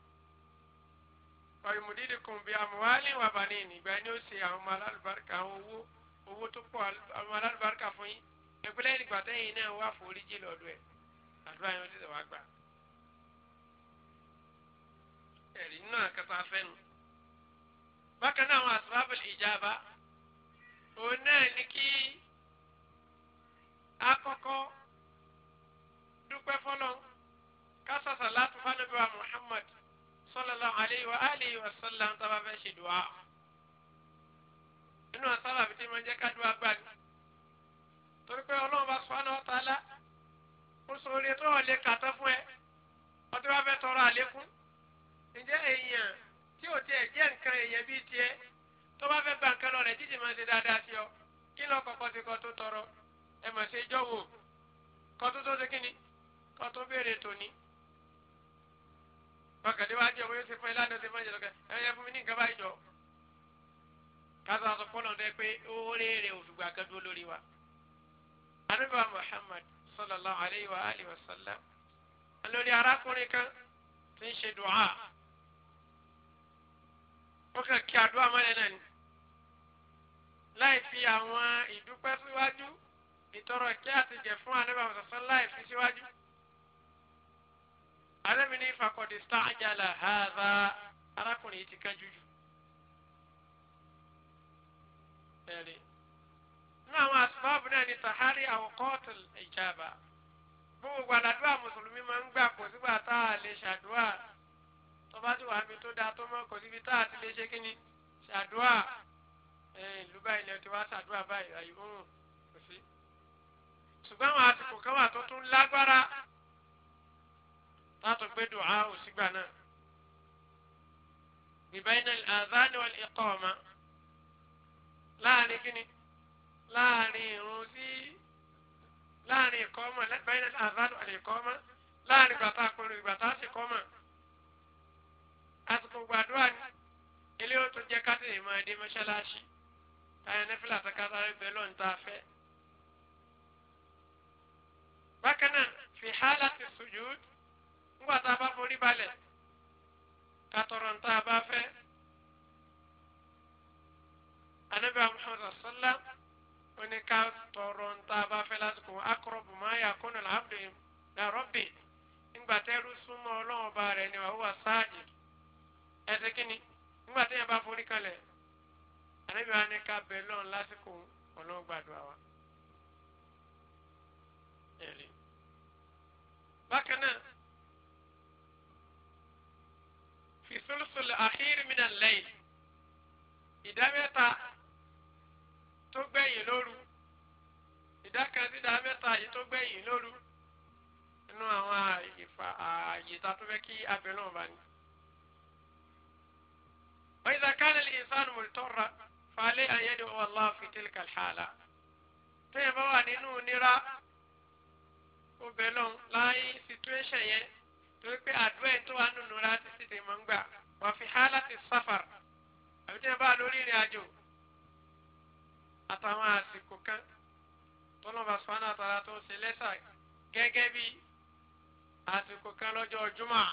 ọ̀yùmùdídì kùn bí àmúwálì wà bá ní ìní ìgbà ẹni ó ṣe àwọn ọmọ alálùbáríkà àwọn owó owó tó pọ̀ àwọn alálùbáríkà fún yín ìpínlẹ̀ ìgbà tẹ́yìn náà wà forí jì lọ́dọ̀ ẹ̀ àdúrà yẹn ó ti wá gbà. bákan náà àwọn àsìbábìlì ìjábá òun náà ní kí akọ́kọ́ dúpẹ́ fọlọ́ kásásà láti fánàbí wa Muhammad sallallahu alayhi wa alihi wa sallam tá a bá fẹ́ ṣe dùá nínú àtàlà àbí tí mo jẹ́ ká dùá gbà ní torí pé ọlọ́run bá subhanahu wa ta'ala kó sóore tó ọ̀lẹ́ kàtọ́ fún ẹ ọtí wàá fẹ́ tọrọ àlékún ǹjẹ́ èèyàn tí ò tiẹ̀ jẹ́ nǹkan èèyàn bíi tiẹ̀ tó bá fẹ́ gba nǹkan lọ rẹ̀ títí máa ṣe dáadáa sí ọ kí lọ kọ̀kọ́ ti kọ́ tó tọrọ ẹ mà ṣe jọ́wọ́ kọ́ tó tó ṣe kí ni kọ́ tó béèrè tòní. bákàdé wá jẹ́ oyún ṣe fún ẹ lánàá ṣe fún ẹ jẹ́ lọ́kẹ́ ẹ yẹ fún mi ní nǹkan báyìí jọ. kásá sọ fọ́nà rẹ pé ó rèé rè òfìgbà kan dúró lórí wa. anábìwá Muhammad sallallahu alayhi wa alihi wa sallam lórí arákùnrin kan tí ń ṣe dùn á. ó kàn kí àdúrà mọ́lẹ̀ náà ni láì fi àwọn ìdúpẹ́ síwájú ìtọrọ kí àtijọ́ fún anábà sọ̀sán láì fi síwájú. alẹ́mi ní fakọ̀dé sáájàlá haza arákùnrin yìí ti kánjú jù. ẹ̀rí nínú àwọn asbáàbù náà ni tahari awqatul ijaba gbogbo àdàdúrà mùsùlùmí máa ń gbà kò sígbà tá a lè ṣàdúrà tó bá ti wà mí tó dáa tó mọ́ kò síbi tá a ti lè ṣe kí ṣàdúrà. Eh, ìlú báyìí lẹ́yìn tí wọ́n á ṣàdúrà báyìí àyè òun kò sí. ṣùgbọ́n àwọn àsìkò kan wà tó tún lágbára láti gbé dùn á òsígbà náà. bìbáyìí àzáni wal iqama láàrin kíni láàrin irun sí láàrin ìkọ́mọ̀ báyìí àzáni wal iqama láàrin bàtà kọlu ìbàtà sì kọ́mọ̀ àsìkò gbàdúrà ni ilé ó tún jẹ́ ká máa dé mọ́ṣáláṣí ayé nẹ́fìlà àtàkàtà bẹ́ẹ̀ lọ́n ta fẹ́. bákan náà fi hálà ti sujud ńgbà tá a bá forí balẹ̀ ká tọrọ ń tá a bá fẹ́. anabi muhammad sallam oni ká tọrọ ń tá a bá fẹ́ lásìkò akọrọ̀bù máa yà kó nàlá abdul darobi ńgbà súnmọ́ ọlọ́wọ́ bá rẹ̀ ni wàhùwà sáàjì ẹ̀sẹ̀ kínní ńgbà tẹ́yìn bá forí kalẹ̀ àlejò wa ní ká bẹ lọ́n lásìkò ọlọ́run gbàdúrà wa. bákan náà fi sulusul akhir min al-layl ìdá mẹ́ta tó gbẹ̀yìn lóru ìdá kan sí ìdá mẹ́ta yìí tó gbẹ̀yìn lóru nínú àwọn ìfà ààyè tó fẹ́ kí abẹ náà bá ní. wọ́n yìí sá kánìlì ìsánù mọ̀lítọ́ra falẹ́ ayédè wallahu fi tilka alhala tẹ́yìn bá wà nínú nira obìnrin náà láyé situation yẹn torí pé àdúrà ẹ̀ tó wà nínú nira ti ti tèmọ̀ ń gbà wà fi hálà ti sáfàr àbí tẹ́yìn bá lórí ìrìn àjò àtàwọn àsìkò kan tọ́lọ́mà sọ́nà àtàrà tó ń ṣe lẹ́sà gẹ́gẹ́ bí àsìkò kan lọ́jọ́ jùmọ̀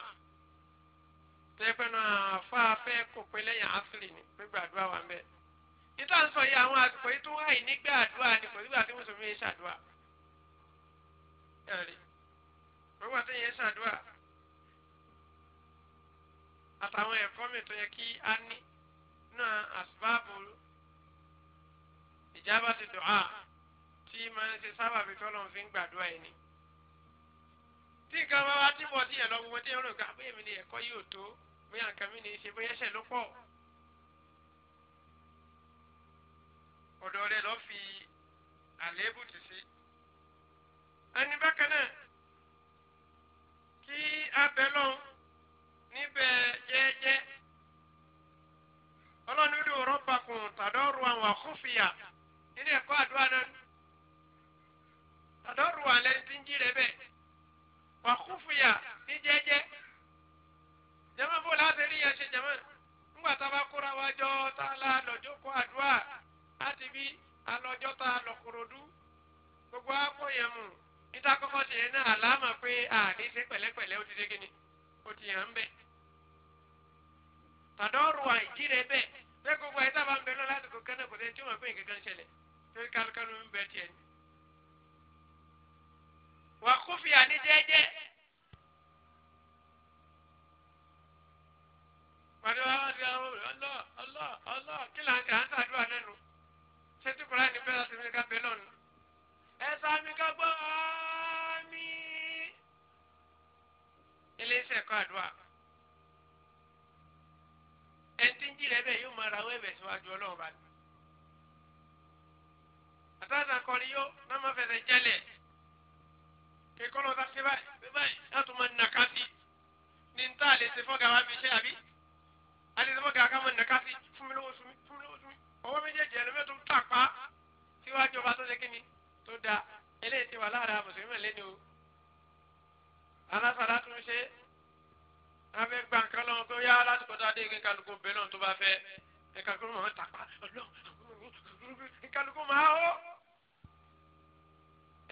tẹ́pẹ́ náà fáfẹ́ kò pé lẹ́yìn àṣírí ní gbígbàdúrà wà ń bẹ́ẹ̀ níta ń sọ yìí àwọn àsìkò yìí tó wáyé nígbà àdúrà ni kò sígbà tí mùsùlùmí yẹn ṣàdúrà ẹ̀rí gbogbo àti yẹn ṣàdúrà àtàwọn ẹ̀kọ́ mi tó yẹ kí a ní náà àsìbáàbò ìjábá ti dùn á tí máa ń ṣe sábàbí tọ́lọ́run fi ń gbàdúrà yìí ni tí nǹkan bá wá tí mo ti yẹ lọ gbogbo tí yẹn rò gbà ah, bóyá mi ni ẹ̀kọ́ yìí ò tó bóyá nǹkan mi ni ṣe bóyá ẹ̀ṣẹ̀ ló pọ̀. ọ̀dọ̀ rẹ̀ lọ́ fi àléébù tì sí. ẹni bákan náà kí abẹ lọ́hùn níbẹ̀ jẹ́ẹ́jẹ́ ọlọ́nudù rọ́bàkùn tàdọ́rù àwọn àkófìyà nínú ẹ̀kọ́ àdúrà náà tàdọ́rù àlẹ́ ti ń jí rẹ̀ bẹ́ẹ̀ wàkúfìyà ní jẹ́jẹ́ jẹ́mọ́ bó láti rí yẹn ṣe jẹ́mọ́ ńgbà tá a bá kóra wájọ́ tá a lọ́jọ́ kó àdúrà. ati bi alɔjɔta lɔkorodu gbogbo amoyɛ mu itakɔmɔti yɛ na alama pe aadise pɛlɛpɛlɛ o ti de kini o ti yàn bɛ tadɔɔru wa yi jire bɛ bɛ gbogbo ayi taba nbɛ lɔla tuntun kɛnɛ kote tí o ma pe nkankan sɛlɛ pe kalikalu nbɛ tiɛ ni wa kofi ani jɛjɛ wàdí wàhálà ti àwọn ọlọ ọlọ ọlọ kí lóun ti à ń sàdúrà nínú. ṣé tí kùrán ní bẹ́ẹ̀ láti fi ká bẹ́ẹ̀ lọ́nu. ẹ sáré ká gbọ́ mi. iléeṣẹ́ ẹ̀kọ́ àdúrà. ẹ ti ń jílẹ̀ bẹ́ẹ̀ yóò máa ra owó ẹ̀bẹ̀ síwájú ọlọ́run bá mi. àtàtà kọrí yó náà má fẹsẹ̀ jẹ́lẹ̀. kíkọ́ lọ́ta ṣe báyìí báyìí láti máa nà ká ní ní a lè ṣe fọ́gà wá fi ṣe àbí. a lè ṣe fọ́gà ká máa nà ká fún mi lówó fún ọwọ́ méjèèjì ẹlẹ́mẹ́ tó ń tàpá síwájú ọba tó ṣe kíni tó da eléyìí ti wà lára mùsùlùmí lẹ́nu o alásàlá tún ṣe abẹ́ gba nǹkan lọ́wọ́ pé yá lásìkò tó adé kí kálukú bẹ́ẹ̀ náà tó bá fẹ́ ẹ̀ka kúrò máa ń tàpá kálukú máa ó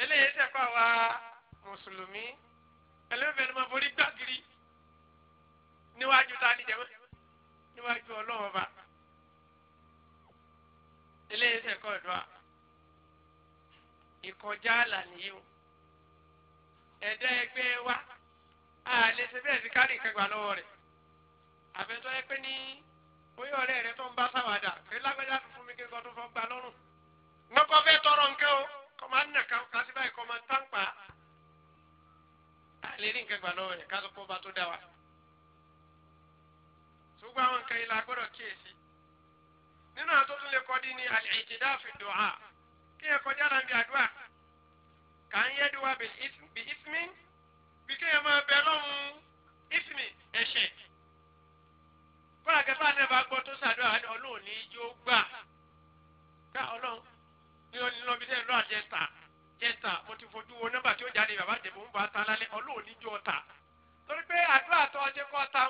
eléyìí tẹ̀kọ́ àwa mùsùlùmí ẹlẹ́mẹ́fẹ́ ni máa borí gbàgiri níwájú tá a níjẹ̀mọ́ níwájú ọlọ́wọ́ bá eléyìí sẹ́kọ̀ ọ̀dọ́ ìkọjá àlà nìyí o ẹ̀dá ẹgbẹ́ wa a lè ṣe bẹ́ẹ̀ sí kárì ìkẹgbà lọ́wọ́ rẹ̀ àfẹ́tọ́ ẹ pé ní bóyá ọ̀rẹ́ rẹ tó ń bá sáwàdà pé lágbájá tó fún mi kí n kọ́ tó fọ́ gbà lọ́rùn nọ́kọ́ fẹ́ tọrọ nǹkan o kọ́ máa ń nà ká kásí báyìí kọ́ máa ń tàǹpà a lè rí ìkẹgbà lọ́wọ́ rẹ̀ ká tó kó bá tó dá wa ṣùgbọ́n àwọn nǹkan yìí la gbọ́dọ̀ kíyèsí nínú àwọn tó tún lè kọ́ di ní al-i'tida fi du'a kí ẹ kọjá náà bí àdúrà kà ń yẹ́dù wá bí ismi bí kí ẹ máa bẹ lọ́hùn ismi ẹ̀ṣẹ̀ kọ́lá kẹfà náà bá gbọ́ tó sàdúrà ọlọ́run ní ijó gbà ká ọlọ́run ní ọ nílọ bí sẹ́yìn lọ́wọ́ àjẹta jẹta mo ti fojú wo nọ́mbà tí ó jáde bàbá tèmi ń bọ̀ ata lálẹ́ ọlọ́run ní ijó ọ̀tà torí pé àdúrà tó ọjẹ́ kọ́ ta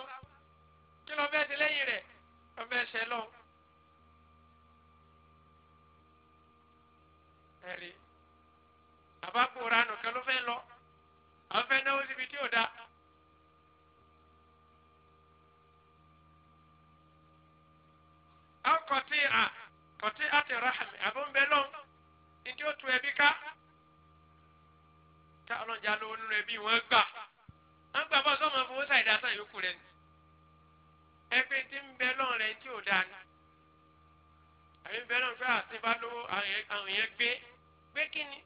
kí lọ́ bẹ́ẹ̀ ti lẹ́yìn rẹ̀ lọ́ bẹ́ẹ̀ ṣẹ́ lọ́hùn. ẹ̀rí àbápòrá nìkan ló fẹ́ lọ àwọn fẹ́ náwó síbi tí ò dáa. àwọn kọ̀tí à kọ̀tí àti rahmi àbọ̀nbẹ́lọ́ ní tí ó tu ẹbí ká tá ọlọ́jà lówó nínú ẹbí wọn gbà wọn gbà bọ́ sọ́mọ fowó ṣàìdá sàn yòókù rẹ ni ẹgbẹ́ tí ń bẹ lọ́n rẹ tí ò dáa ni àbí ń bẹ lọ́n fẹ́ àti bá lówó àwọn yẹn gbé pé kí ni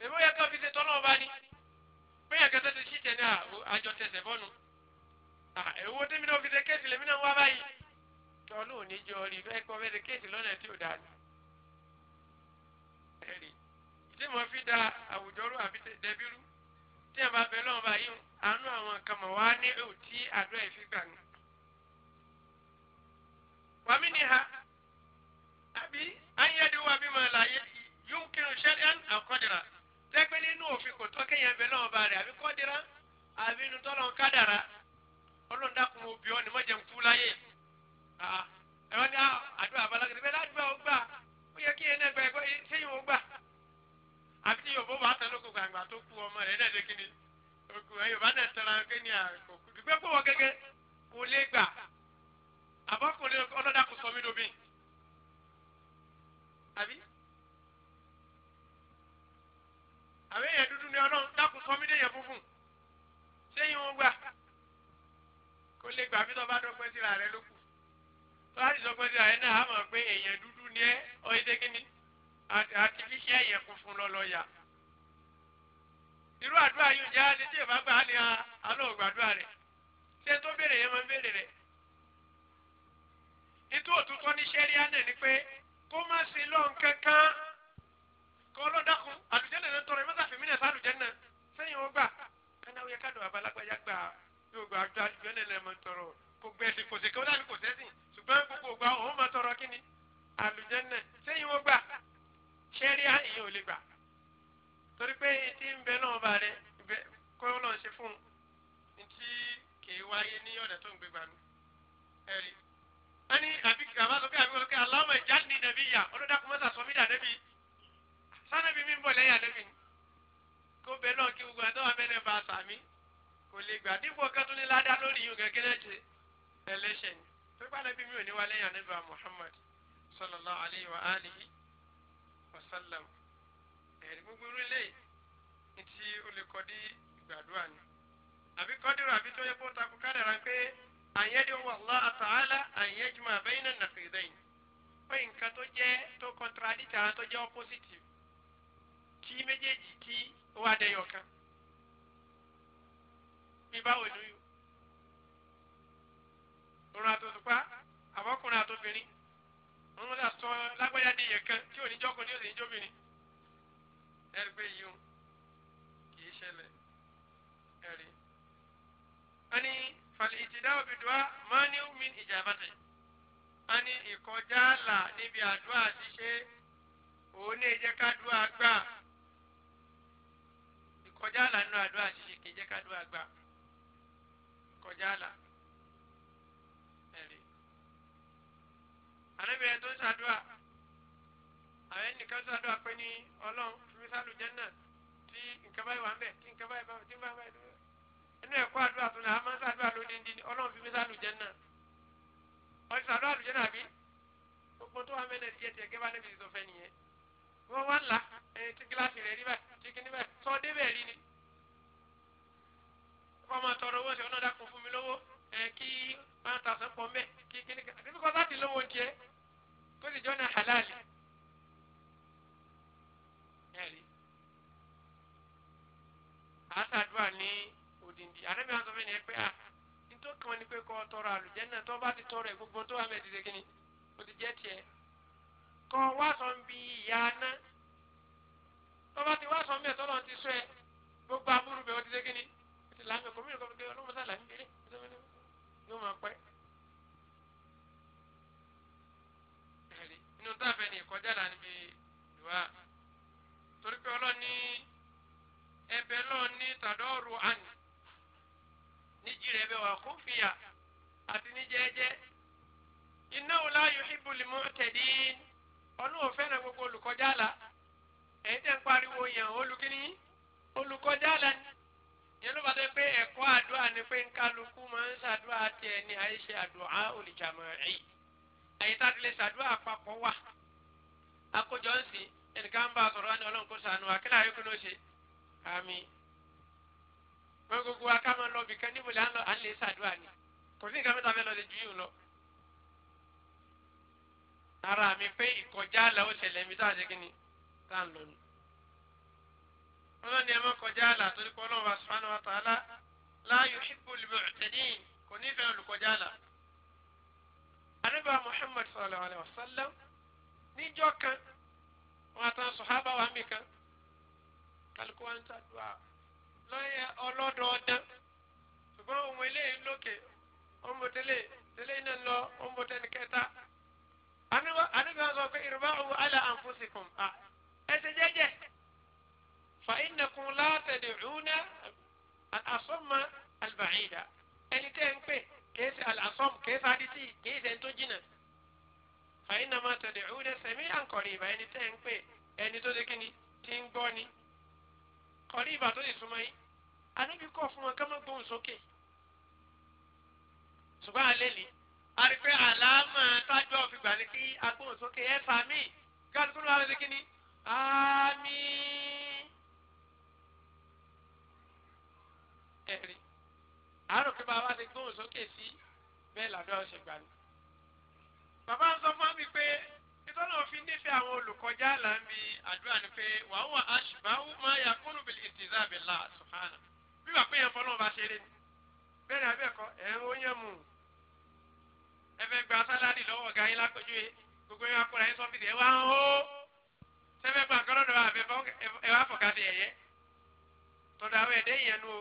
èmi ó yẹ ká fi ṣe tọ́lọ́ ọba ni pé yẹn kẹsẹ́ ti ṣí tẹ̀ ní àjọ tẹ̀sẹ̀ bọ́nu èwo tẹ́mi náà fi ṣe kéèsì lèmi náà wá báyìí tọ́lú ò ní jọ rí bẹ́ẹ̀ kọ́ fẹ́ẹ́ ṣe kéèsì lọ́nà tí ò dáa ni. tí mo fi da àwùjọ rú àfi dẹbí tí ẹ bá bẹ lọ́wọ́ báyìí àánú àwọn kan mọ̀ wá ní òtí àdúrà ìfigbà ni. wàmí ni ha. ọlọ́run ọba rẹ̀ àbí kọ́dira àbí inú tọ́lọ́run kádàrá ọlọ́run dákun òbí ni mọ̀jẹ̀ ń kú láyé ẹ̀rọ ní ah, àdúrà abalagídé bẹ́ẹ̀ ládùúgbà ó gbà ó yẹ kí ẹni ẹgbẹ́ ẹgbẹ́ sẹ́yìn ó gbà àbí tí yorùbá bá tẹ̀lé okòkò àgbà tó kú ọmọ rẹ̀ náà náà tẹ̀lé akéènì dúdú ni ọlọ́run dákun sọ mí déyàn funfun sẹ́yìn wọn gbà kó lè gbà mí tó bá dọ́gbọ́n síra rẹ lókù tó bá sì dọ́gbọ́n síra rẹ náà á mọ̀ pé èèyàn dúdú ni ẹ́ ọ̀yẹ́dẹ́ kínní àti fíṣẹ́ èèyàn funfun lọ́lọ́yà irú àdúrà yóò jẹ́ alẹ́ tí èèyàn gbà á ní alóògbà àdúrà rẹ̀ ṣé tó béèrè yẹn máa ń béèrè rẹ̀ ètò òtútọ́ ní sẹ́ríà náà ni pé kó má ṣe lọ́n kankan kọ́ lọ́dàkùn àlùjẹ́ náà tọrọ ẹ̀ mọ́tàfẹ́mí náà sálùjẹ́ náà sẹ́yìn wọn bá ẹnáwó yẹ kádùn abalagbájá gbà yóò gba àjọ àjùmọ̀lẹ̀ lẹ́mọ̀ tọrọ kò gbẹ̀sìn kò sèké wọ́n kò sẹ́sìn ṣùgbọ́n gbogbo ògbà òun máa tọrọ kíni àlùjẹ́nà sẹ́yìn wọn gbà ṣẹ́ríà ìyẹn ò lè gbà torí pé etí ń bẹ náà bá rẹ kọ́ lọ́n ṣe fún un tí kìí wáyé ní ọ̀nà tó ń gbé gbà nù ẹ̀rí. wọ́n ní àbí kàmá lókè àbí lókè aláwọ̀ ìjà ní nàbí yà ọlọ́dà kọ́mọ́sà sọ mí dà nẹ́bí sanabi mi ń kó bẹ náà kí gbogbo àtọ́wà mẹ́rin bá sàmí kò lè gbà dípò kẹ́tù ní ládàá lórí yìí gẹ́gẹ́ lẹ́jẹ̀ ẹlẹ́ṣẹ̀ ni tó gbà lẹ́bi mi ò ní wá lẹ́yìn ànábì Muhammad sallallahu alayhi wa alihi wa sallam ẹ̀rí gbogbo orílẹ̀ ní ti olùkọ́dí ìgbàdúrà ni àbí kọ́dúrà àbí tó yẹ kó takò kádàrà pé àyẹ́dí Allah ta'ala àyẹ́jùmọ̀ àbẹ́yìnà nàfẹ̀dẹ́yìn pé nǹkan tó jẹ́ tó contradict àwọn tó jẹ́ opposite tí méjèèjì tí ó wá dẹyọ kan mi báwo ni yó òrùn àtòtùpá àbọkùnrin àtòbìnrin òun ló sọ lágbájá di yẹn kan tí ò ní jọkùnrin tí ò sì ní jóbìnrin ẹrí pé yìí kì í ṣẹlẹ̀ ẹrí. ani fàlìtìdá òbídùá máa ní omi ìjàmbá tẹ̀ ani ìkọjá àlà níbi àdúrà ṣíṣe òun ní ìjẹ́ká dúrà gbà kọjá àlà nínú àdúrà ṣíṣe kì í jẹ́ kádùá gbà kọjá àlà ẹ̀rí. àlébìyẹn tó ń ṣàdúrà àwọn ẹnìkan ṣàdúrà pé ní ọlọ́run fífi sálù jẹ́nà tí nǹkan báyìí wà ń bẹ̀ tí nǹkan báyìí bá tí nǹkan báyìí dúró. inú ẹ̀kọ́ àdúrà tó ní àmọ́ ṣàdúrà lódindi ọlọ́run fífi sálù jẹ́nà ọ̀ṣàdúrà lù jẹ́nà àbí gbogbo tó wà mẹ́lẹ̀ wọ́n wá là tí gíláàsì rẹ̀ rí báyìí tí kìíní báyìí sọ débẹ̀ rí ni. wọ́n máa tọrọ owó sí ọ̀nà dàkún fún mi lówó kí wọ́n ta sọ pọ̀ mẹ́ kí kìíní kan àti bíkọ́ láti lówó tiẹ̀ kó sì jọ́nà halali. àtàdúrà ní òdìndí àdébí wọn sọ fún mi pé à nítorí kan ni pé kọ́ tọrọ àlùjẹ́ náà tó bá ti tọrọ ẹ̀ gbogbo tó wà mẹ́ẹ̀ẹ́dì kọ́ wá sọ ń bi ìyá ná tọ́ba ti wá sọ ń bẹ̀ tọ́lọ́ ti sọ ẹ gbogbo amúrú bẹ̀ wọ́n ti dégé ni ó ti làmì ọkọ̀ mílíọ̀nù kọ́mọdé ọlọ́mọdé làmì bẹ̀rẹ̀ yóò máa pẹ́. inú táàfẹ́ ni ìkọjá là ń bi ìwà torí pé ọlọ́ni ẹbẹ̀ lọ́ọ̀ ní tàdọ́ọ̀rù àná níjì rẹ̀ bẹ̀ wà kó fìyà àti níjẹ́ẹ́jẹ́ innahu la yuhibbul mu'tadin ọlọ́run fẹ́ràn gbogbo olùkọjá àlà ẹ̀yin tẹ́ ń pariwo yàn olùkíní olùkọjá àlà ni yẹn ló bá dé pé ẹ̀kọ́ àdúrà ni pé nkálukú máa ń ṣàdúrà tiẹ̀ ní àyíṣe àdúrà olùjàmọ̀ ẹ̀yìn ẹ̀yin tá a ti lè ṣàdúrà àpapọ̀ wà akójọ ń sìn ẹnìkan ń bá a sọ̀rọ̀ wá ní ọlọ́run kó sànù àkínní àyíkú ló ṣe àmì wọn gbogbo akámọ lọ bìkan níbo lè à ń lè ṣàdúrà ni kò sí nǹkan mẹ́ta fẹ́ lọ ara mi pé ìkọjá àlà ó ṣẹlẹ̀ mi táà ṣe kí ni tá à ń lọ ni. ọlọ́ni ẹ mọ́ kọjá àlà torí pé ọlọ́run subhanahu wa ta'ala la yuhibbul mu'tadin kò nífẹ̀ẹ́ olùkọjá àlà. àníbà Muhammad sallallahu alayhi wa sallam níjọ́ kan wọn àtàwọn sọ̀hábà wà mí kan kálukú wa ń ṣàdúrà lọ́yẹ ọlọ́dọọdán ṣùgbọ́n ọmọ eléyìí lókè ọmọ tẹ́lẹ̀ tẹ́lẹ̀ iná lọ ọmọ tẹ́nikẹ́ta àníbi wọn sọ pé irba'u ala anfusikum ẹsẹ̀ ah, eh, jẹ́jẹ́ fa innakum la tad'una al-asma al-ba'ida ẹni eh, tẹ́ ń pè eh, kèésì al-asam kèésì àdìsí kèésì ẹni tó jìnnà fa innama tad'una sami'an qariba ẹni tẹ́ ń pè ẹni tó ṣe kíni tí ń gbọ́ ni qariba tó sì súnmọ́ yìí àníbi fún wọn ká má sókè ṣùgbọ́n alẹ́ lìí parí pé àlámà tájọ́ òfìgbà ni kí agbóhùnsókè ẹ fà mí kálukú ló wà lóde kíni àmì ẹ̀rí àárò pé bàbá ti gbóhùnsókè sí bẹ́ẹ̀ làdọ́ ọ̀sẹ̀ gbà ní. bàbá ń sọ fún mi pé ìtọ́nà òfin nífẹ̀ẹ́ àwọn olùkọjá là ń bi àdúrà ni pé wàá wà aṣùmáwó máa yà kúnnù bìlì ìtìzábìlà subhana bí wàá pé yẹn fọlọ́wọ́ bá ṣeré ni bẹ́ẹ̀ ni àbẹ́ẹ̀kọ́ ẹ̀ ń ó yẹn mú un. lápèjúwe gbogbo ẹ̀ wá kọ́ra ẹ̀ sọ́fíìsì ẹ̀ wá ń hó sẹ́fẹ̀ gbà kọ́lọ́dọ̀ ẹ̀ wá fọ̀kadì ẹ̀yẹ tọ́da àwọn ẹ̀dẹ́ ìyẹn nu o.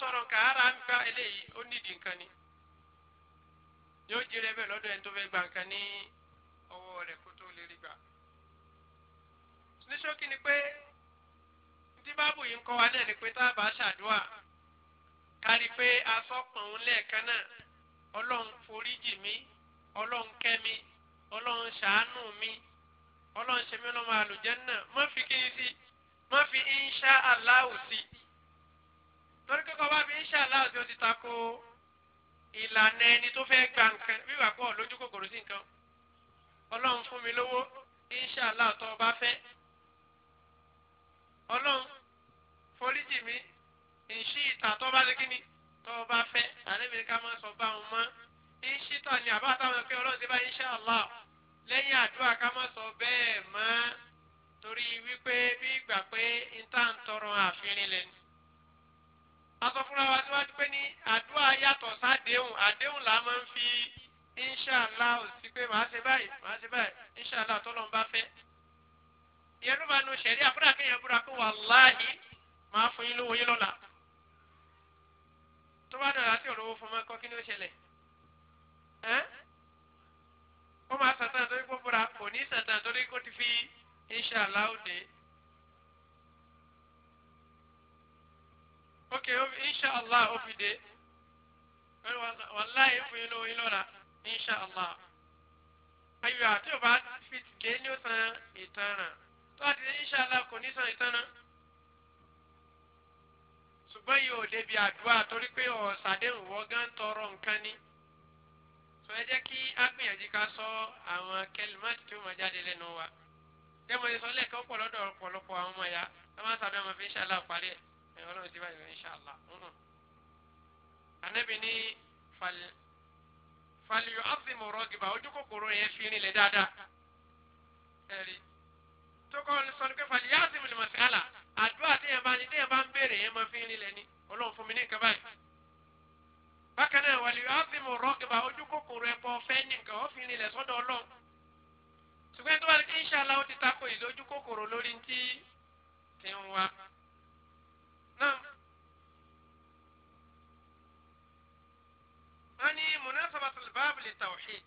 tọrọ nǹkan ara ń fẹ́ eléyìí ó nídìí nǹkan ni yóò jíire bẹ́ẹ̀ lọ́dọ̀ ẹni tó fẹ́ gba nǹkan ní ọwọ́ rẹ̀ kó tó lè rí gbà. ní ni pé tí báàbù yìí ń kọ́ wa náà ni pé tá a bá ṣàdúrà kárí pé asọ́pọ̀n òun lẹ́ẹ̀kan náà ọlọ́run foríjì mi ọlọ́run kẹ́ mi ọlọ́run ṣàánú mi ọlọ́run ṣe mí lọ́mọ àlùjẹ́ náà má fi kí ni sí má fi insha Allah sí i torí kíkọ́ bá fi inshallah tí ó ti tako ìlànà ẹni tó fẹ́ gba nǹkan wíwà pọ̀ lójú kòkòrò sí nǹkan ọlọ́run fún mi lówó inshallah tó o bá fẹ́ ọlọ́run foríjì mi ìṣíìtà tó bá ti kíni tó o fẹ́ àlébìrì ká máa sọ bá òun mọ́ ìṣíìtà ni àbá táwọn pé ọlọ́run ti bá inshallah lẹ́yìn àdúrà ká máa sọ bẹ́ẹ̀ mọ́ torí wípé bí ìgbà pé ń tà ń tọrọ àfihàn lẹ́nu asọ fúnra wa síwájú pé ní àdúrà yàtọ̀ sádéhùn àdéhùn là máa ń fi inṣàlá òsì pé màá ṣe báyìí màá ṣe báyìí inṣàlá tọ́lọ́ ń bá fẹ́. ìyẹn ló máa nu ṣẹ̀rí àbúrò akéèyàn búra pé wàláhì màá fún yín lówó yín lọ́la. tó bá dọ̀rọ̀ àti òróró fún ọmọ kí ni ó ṣẹlẹ̀? ó máa sàtàn torí kó búra kò ní sàtàn torí kó ti fi inṣàlá òde. ok inṣàlá ó fi dé wàláyé fún yín lówó yín lọ́la inṣàlá ayọ̀ àti ò bá fi dé ní ó san ìtanràn tó àti inṣàlá kò ní san ìtanràn ṣùgbọ́n yìí ò débi àdúrà torí pé ọ̀sàdéhùn wọ́gán tọrọ nǹkan ni sọ ẹ jẹ́ kí á gbìyànjú ká sọ àwọn kẹlímọ́tì tó máa jáde lẹ́nu wa jẹ́mọ̀ ìsọ̀lẹ̀ kan pọ̀ lọ́dọ̀ ọ̀pọ̀lọpọ̀ àwọn ọmọ ya ẹ má sàbẹ̀ ọmọ fi ń ṣàlàyé parí ẹ̀ ọlọ́run ti báyìí ní ṣàlá. ànábì ní faliyo azimu rọgìbà ojú kòkòrò yẹn fi rinlẹ̀ dáadáa. ẹ̀rí tó kọ́ sọ ni pé faliyo azimu lè mọ̀ sí àlà àdúrà téèyàn bá ní téèyàn bá ń béèrè yẹn máa fi rinlẹ̀ ni ọlọ́run fún mi ní nǹkan báyìí. bákan náà wàlíyo azimu rọgìbà ojú kòkòrò ẹ̀pọ̀ fẹ́ ní nǹkan ó fi rinlẹ̀ sọ́dọ̀ ọlọ́run ṣùgbọ́n tó bá ti náà wọ́n ní munasabatul báàbù lè tawhid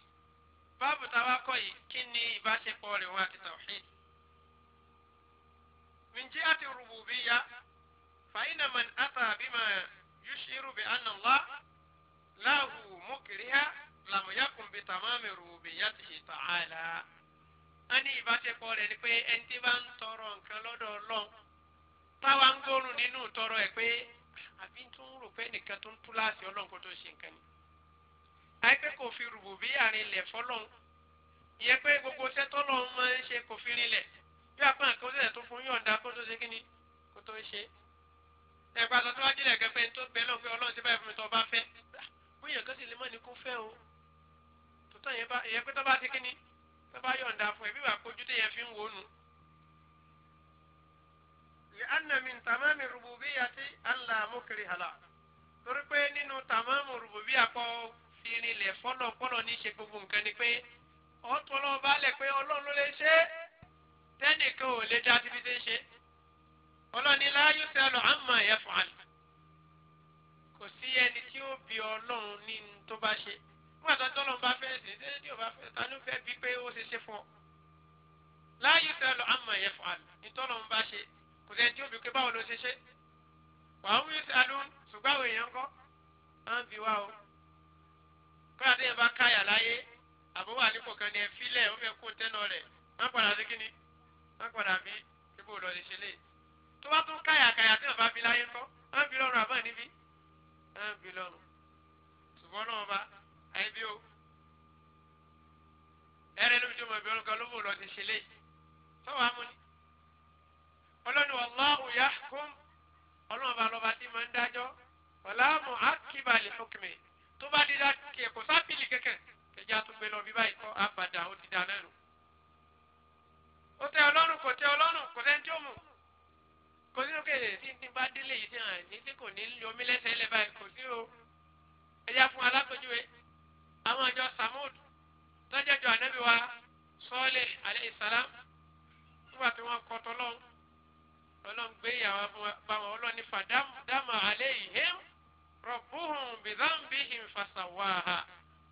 báàbù táwa kọ́ yìí kí ni ìbáṣepọ̀ rẹ̀ wọ́n àti tawhid. من جهة الربوبية فإن من أتى بما يشعر بأن الله له مكره لم يقم بتمام ربوبيته تعالى أني باتي قولي أنت بان تورون كالودو لون táwa ń gbórùn nínú tọrọ ẹ pé àbí tó ń rò pé nìkan tó ń tú láàṣì ọlọ́run kó tó ṣe nǹkan ni. àìpé kò fi rùbù bí àárín ilẹ̀ fọlọ́run ìyẹn pé gbogbo iṣẹ́ tọ́lọ́run máa ń ṣe kò fi rinlẹ̀ bí apá nǹkan ó tó fún yọ̀ǹda kó tó ṣe kíni kó tó ṣe. ẹ̀gbọ́n àtọ́tọ́ wájú ilẹ̀ gẹ́gẹ́ tó bẹ lọ́n pé ọlọ́run ti báyìí fún mi tó bá fẹ́ bóyá kan sì lè mọ́ ni kó fẹ́ o tòótọ́ ìyẹn pé tó bá ṣe kíni tó bá yọ̀ǹda fún ẹ bí wàá kojú téèyàn fi ń wò nù لأن من تمام الربوبية ألا مكره له torí pé nínú tàmámù rùbùbíà kọ́ fi rinlẹ̀ fọ́nàfọ́nà ní ṣe gbogbo nǹkan ni pé ọ̀tún lọ́wọ́ bá lẹ̀ pé ọlọ́run ló lè ṣe é tẹ́nìkan ò lè dá títí tí ń ṣe ọlọ́ni láyé sẹ́lọ̀ àmọ́ ẹ̀yẹ fún àlè kò sí ẹni tí ó bi ọlọ́run ní tó bá ṣe fún àtọ́jọ́ ọlọ́run bá fẹ́ ṣe tí ò bá fẹ́ ta ló fẹ́ pé ó ṣe ṣe fún ọ láyé sẹ́lọ̀ àmọ́ fún àlè ní tọ́lọ́run bá ṣe kò sẹ́ni tí ó bí pé báwo ló ṣe ṣe wàá wí sanu ṣùgbọ́n àwọn èèyàn kọ́ máa ń bi wá o kọ́ra tí yẹn bá káyà láyé àbúrò àdìpọ̀ kan ni ẹ filẹ̀ ó fẹ́ kó tẹ́nà rẹ̀ má padà sí kíni má padà bí ibo lọ ṣe ṣe lè tó bá tún káyà káyà tí yẹn bá fi láyé ńkọ́ má ń bi lọ́rùn àbá níbí má ń bi lọ́rùn ṣùgbọ́n náà bá àyè bí o ẹ̀rẹ́ ló fi tó mọ̀ bí ọlọ́kan ló mọ̀ lọ ṣe ṣe lè sọ́wọ́ amúni ọlọ́ni wallahu yahkum ọlọ́run bá lọ́ba tí máa ń dájọ́ wala mu'aqqiba li hukmi tó bá dídá kẹ kò sábìlì kẹ̀kẹ́ kẹjá tó gbé lọ bí báyìí kọ́ àbàdà ó ti dáná nù. ó tẹ ọlọ́run kò tẹ ọlọ́run kò tẹ́ ń tí ó mú kò sínú kéde tí ní bá délé yìí ti ní tí kò ní lé omi lẹ́sẹ̀ ilẹ̀ báyìí kò sí o ẹ̀yà fún alákòjúwe àwọn ìjọ samud tọ́jọ́jọ́ ànábìwá sọ́ọ́lẹ̀ alayhi salam nígbà tí wọ́n kọ́ tọ́lọ́run ọlọ́run gbé ìyàwó bá wọn ọlọ́run ní fàdámà alayhim rabbuhum bidhanbihim fasawaha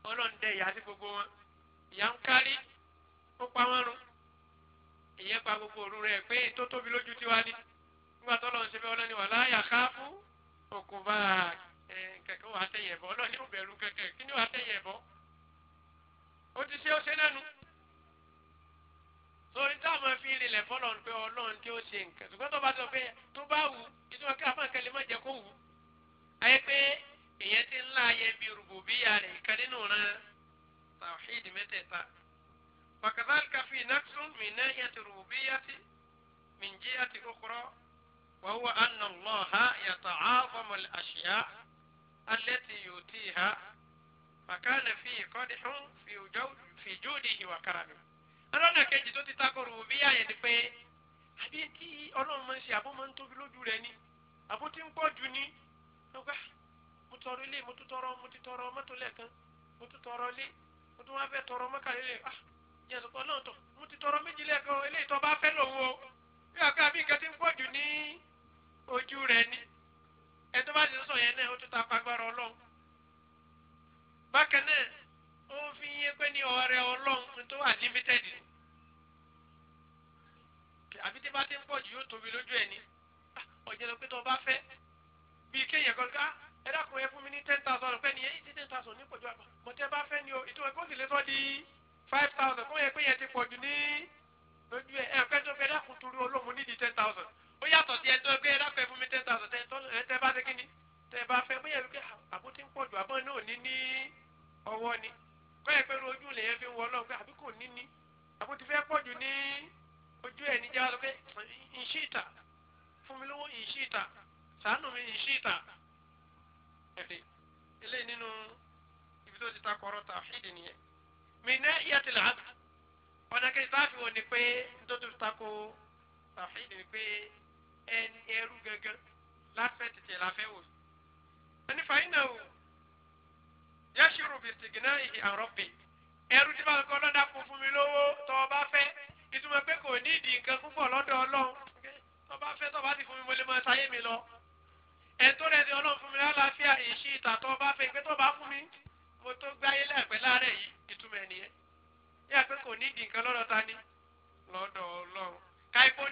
ọlọ́run dẹ ìyá sí gbogbo wọn ìyá ń kárí ó pa wọn run ìyẹn pa gbogbo òru rẹ pé tó tóbi lójú tiwa ni nígbà tó lọ́n ṣe bẹ́ẹ̀ ọlọ́ni wala yakhafu òkùnbà kẹ̀kẹ́ wà á tẹ̀yẹ̀ bọ́ ọlọ́ni ò bẹ̀rù kẹ̀kẹ́ kí ni wà á tẹ̀yẹ̀ bọ́ ó ti ṣe ó ṣe lẹ́nu sori tá a máa fi rinlẹ̀ fọlọ́n pé ọlọ́run tí ó ṣe nǹkan ṣùgbọ́n tó bá sọ pé tó bá wù ìtumọ̀ kí afọ́n kẹlẹ́ má jẹ́ kó wù. ayé pé èyàn ti ń la ayé mi rúbò bí ìyá rẹ̀ ìkan nínú ran tawhid mẹ́tẹ̀ẹ̀ta. wàkàtàlì káfí naqsun mi náà yẹ ti rúbò bí ìyá ti mi ń jí àti ukhra. wa huwa anna Allaha yata'azamu al-ashya' allati yutiha. fa kana fihi qadhihun fi judihi wa karamihi ọlọ́nà kejì tó ti takò rò bí yàyẹ̀ ni pé àbí tí ọlọ́run máa ń ṣe àbó máa ń tóbi lójú rẹ̀ ni àbó tí ń pọ̀ jù ni ọgbà mo tọrọ ilé mo tún tọrọ mo ti tọrọ mọ́tò lẹ́ẹ̀kan mo tún tọrọ ilé mo tún wá fẹ́ tọrọ mọ́kàlélẹ̀ ah yẹn sọ̀kọ́ náà tọ̀ mo ti tọrọ méjì lẹ́ẹ̀kan eléyìí tó bá fẹ́ lòun o bí wàá pé àbí nǹkan ti ń pọ̀ jù ní ojú rẹ̀ ni ẹ̀ tó bá ti sọ yẹn náà ó tún ta agbára ọlọ́run bákan náà ó fi yé pé ní ọ̀rẹ́ ọlọ́run tó wà limited àbí tí bá ti ń pọ̀ jù yóò tóbi lójú ẹ̀ ni ah, ọ̀jẹ̀ lọ pé tó bá fẹ́ bíi kéèyàn kan ká ẹ dákun ẹ fún mi ní ten thousand pẹ́ ni èyí ten thousand ní pọ̀jù àgbà mo tẹ́ bá fẹ́ ni o ìtumọ̀ kó sì lè sọ di five thousand kó yẹ pé yẹn ti pọ̀jù ní lójú ẹ̀ ẹ̀ fẹ́ tó fẹ́ dákun torí olóòmù nídìí ten thousand ó yàtọ̀ sí ẹjọ́ pé ẹ dákun ẹ fún mi ten thousand tẹ́ bá fẹ́ kí ni tẹ́ bá fẹ́ bóyá ah, àbótí kọ́ ẹ pé ojú lèyẹn fi ń wọ ọlọ́run pé àbí kò ní ní àbó ti fẹ́ pọ̀ jù ní ojú ẹ̀ níjà lọ pé ìṣìta fún mi lówó ìṣìta sàánù mi ìṣìta ẹ̀rí eléyìí nínú ibi tó ti ta kọ́rọ́ ta fídì nìyẹn mi ní ìyàtì làásù ọ̀nà kejì tá a fi wọ̀ ni pé tó ti ta ko ta fídì ni pé ẹni ẹrú gẹ́gẹ́ láfẹ́ tètè láfẹ́ wò. ẹni fàáyín náà wò yẹ́sùrù bìtìgínà ìhì àrọ́bì ẹrú tí bá ń kọ́ lọ́dà kún fún mi lówó tọ́ ọ bá fẹ́ ìtumọ̀ pé kò ní ìdí nǹkan púpọ̀ lọ́dọ̀ ọlọ́run tọ́ bá fẹ́ tọ́ bá ti fún mi mo lè máa sáyé mi lọ ẹ̀tọ́ rẹ̀ ni ọlọ́run fún mi lálàáfíà ìṣí ìtàtọ́ bá fẹ́ ìpé tọ́ bá fún mi mo tó gbáyé láìpẹ́ láàárẹ̀ yìí ìtumọ̀ ẹ̀ nìyẹn yíyà pé kò ní ìdí nǹkan lọ́dọ̀ ta ni lọ́dọ̀ ọlọ́run káìpọ́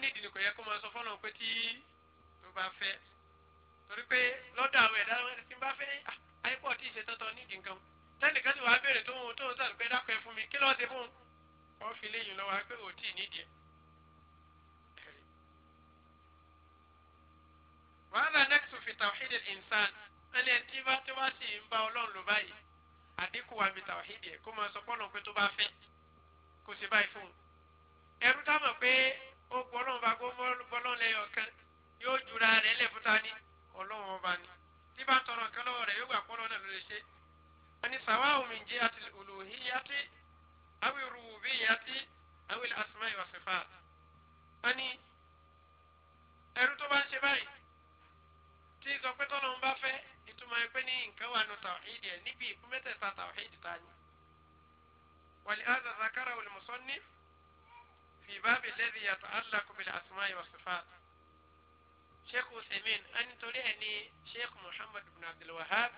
àyípọ̀ tí ì ṣe tọ́tọ́ nídìí nǹkan tẹ́nìkan ti wàá béèrè tó ń tó ń sàlùpẹ́ dákọ̀ ẹ̀ fún mi kí lọ́ọ́ ṣe fún un wọ́n fi léyìn lọ́wọ́ pé ò tí ì nídìí ẹ̀. wàhálà nẹ́kṣù fi tàwíìdì ìnsán ẹni ẹni tí bá tí wá sì ń bá ọlọ́run lò báyìí àdínkù wa mi tàwíìdì ẹ̀ kó máa sọ pọ́nà pé tó bá fẹ́ kó ṣe báyìí fún un. ẹrú táwọn pé ó gbọ́ ọlọ́run bá gbọ́ ọlọ́run lẹ́yọ̀ kan yóò jura rẹ̀ lẹ́fúta ní ọlọ́run ọba ni tí bá ń tọrọ nǹkan lọ́wọ́ rẹ̀ yóò gbà pọ́nlọ́ náà ló lè ṣe. wọ́n ní sàwa omi ń jẹ́ àti olùhíyàtì àwọn rububiyati àwọn asma'i wa sifat. wọ́n ní ẹrú tó bá ń ṣe báyìí tí sọ pé ń bá fẹ́ ìtumọ̀ ẹ pé ní nǹkan wà nù tàwíìdì ẹ̀ níbi ìpín mẹ́tẹ̀ẹ̀ta tàwíìdì ta ni. ولهذا ذكره المصنف في باب الذي يتعلق بالأسماء والصفات sheikh usaimin ẹni torí ẹ ní sheikh muhammad bin abdulwahab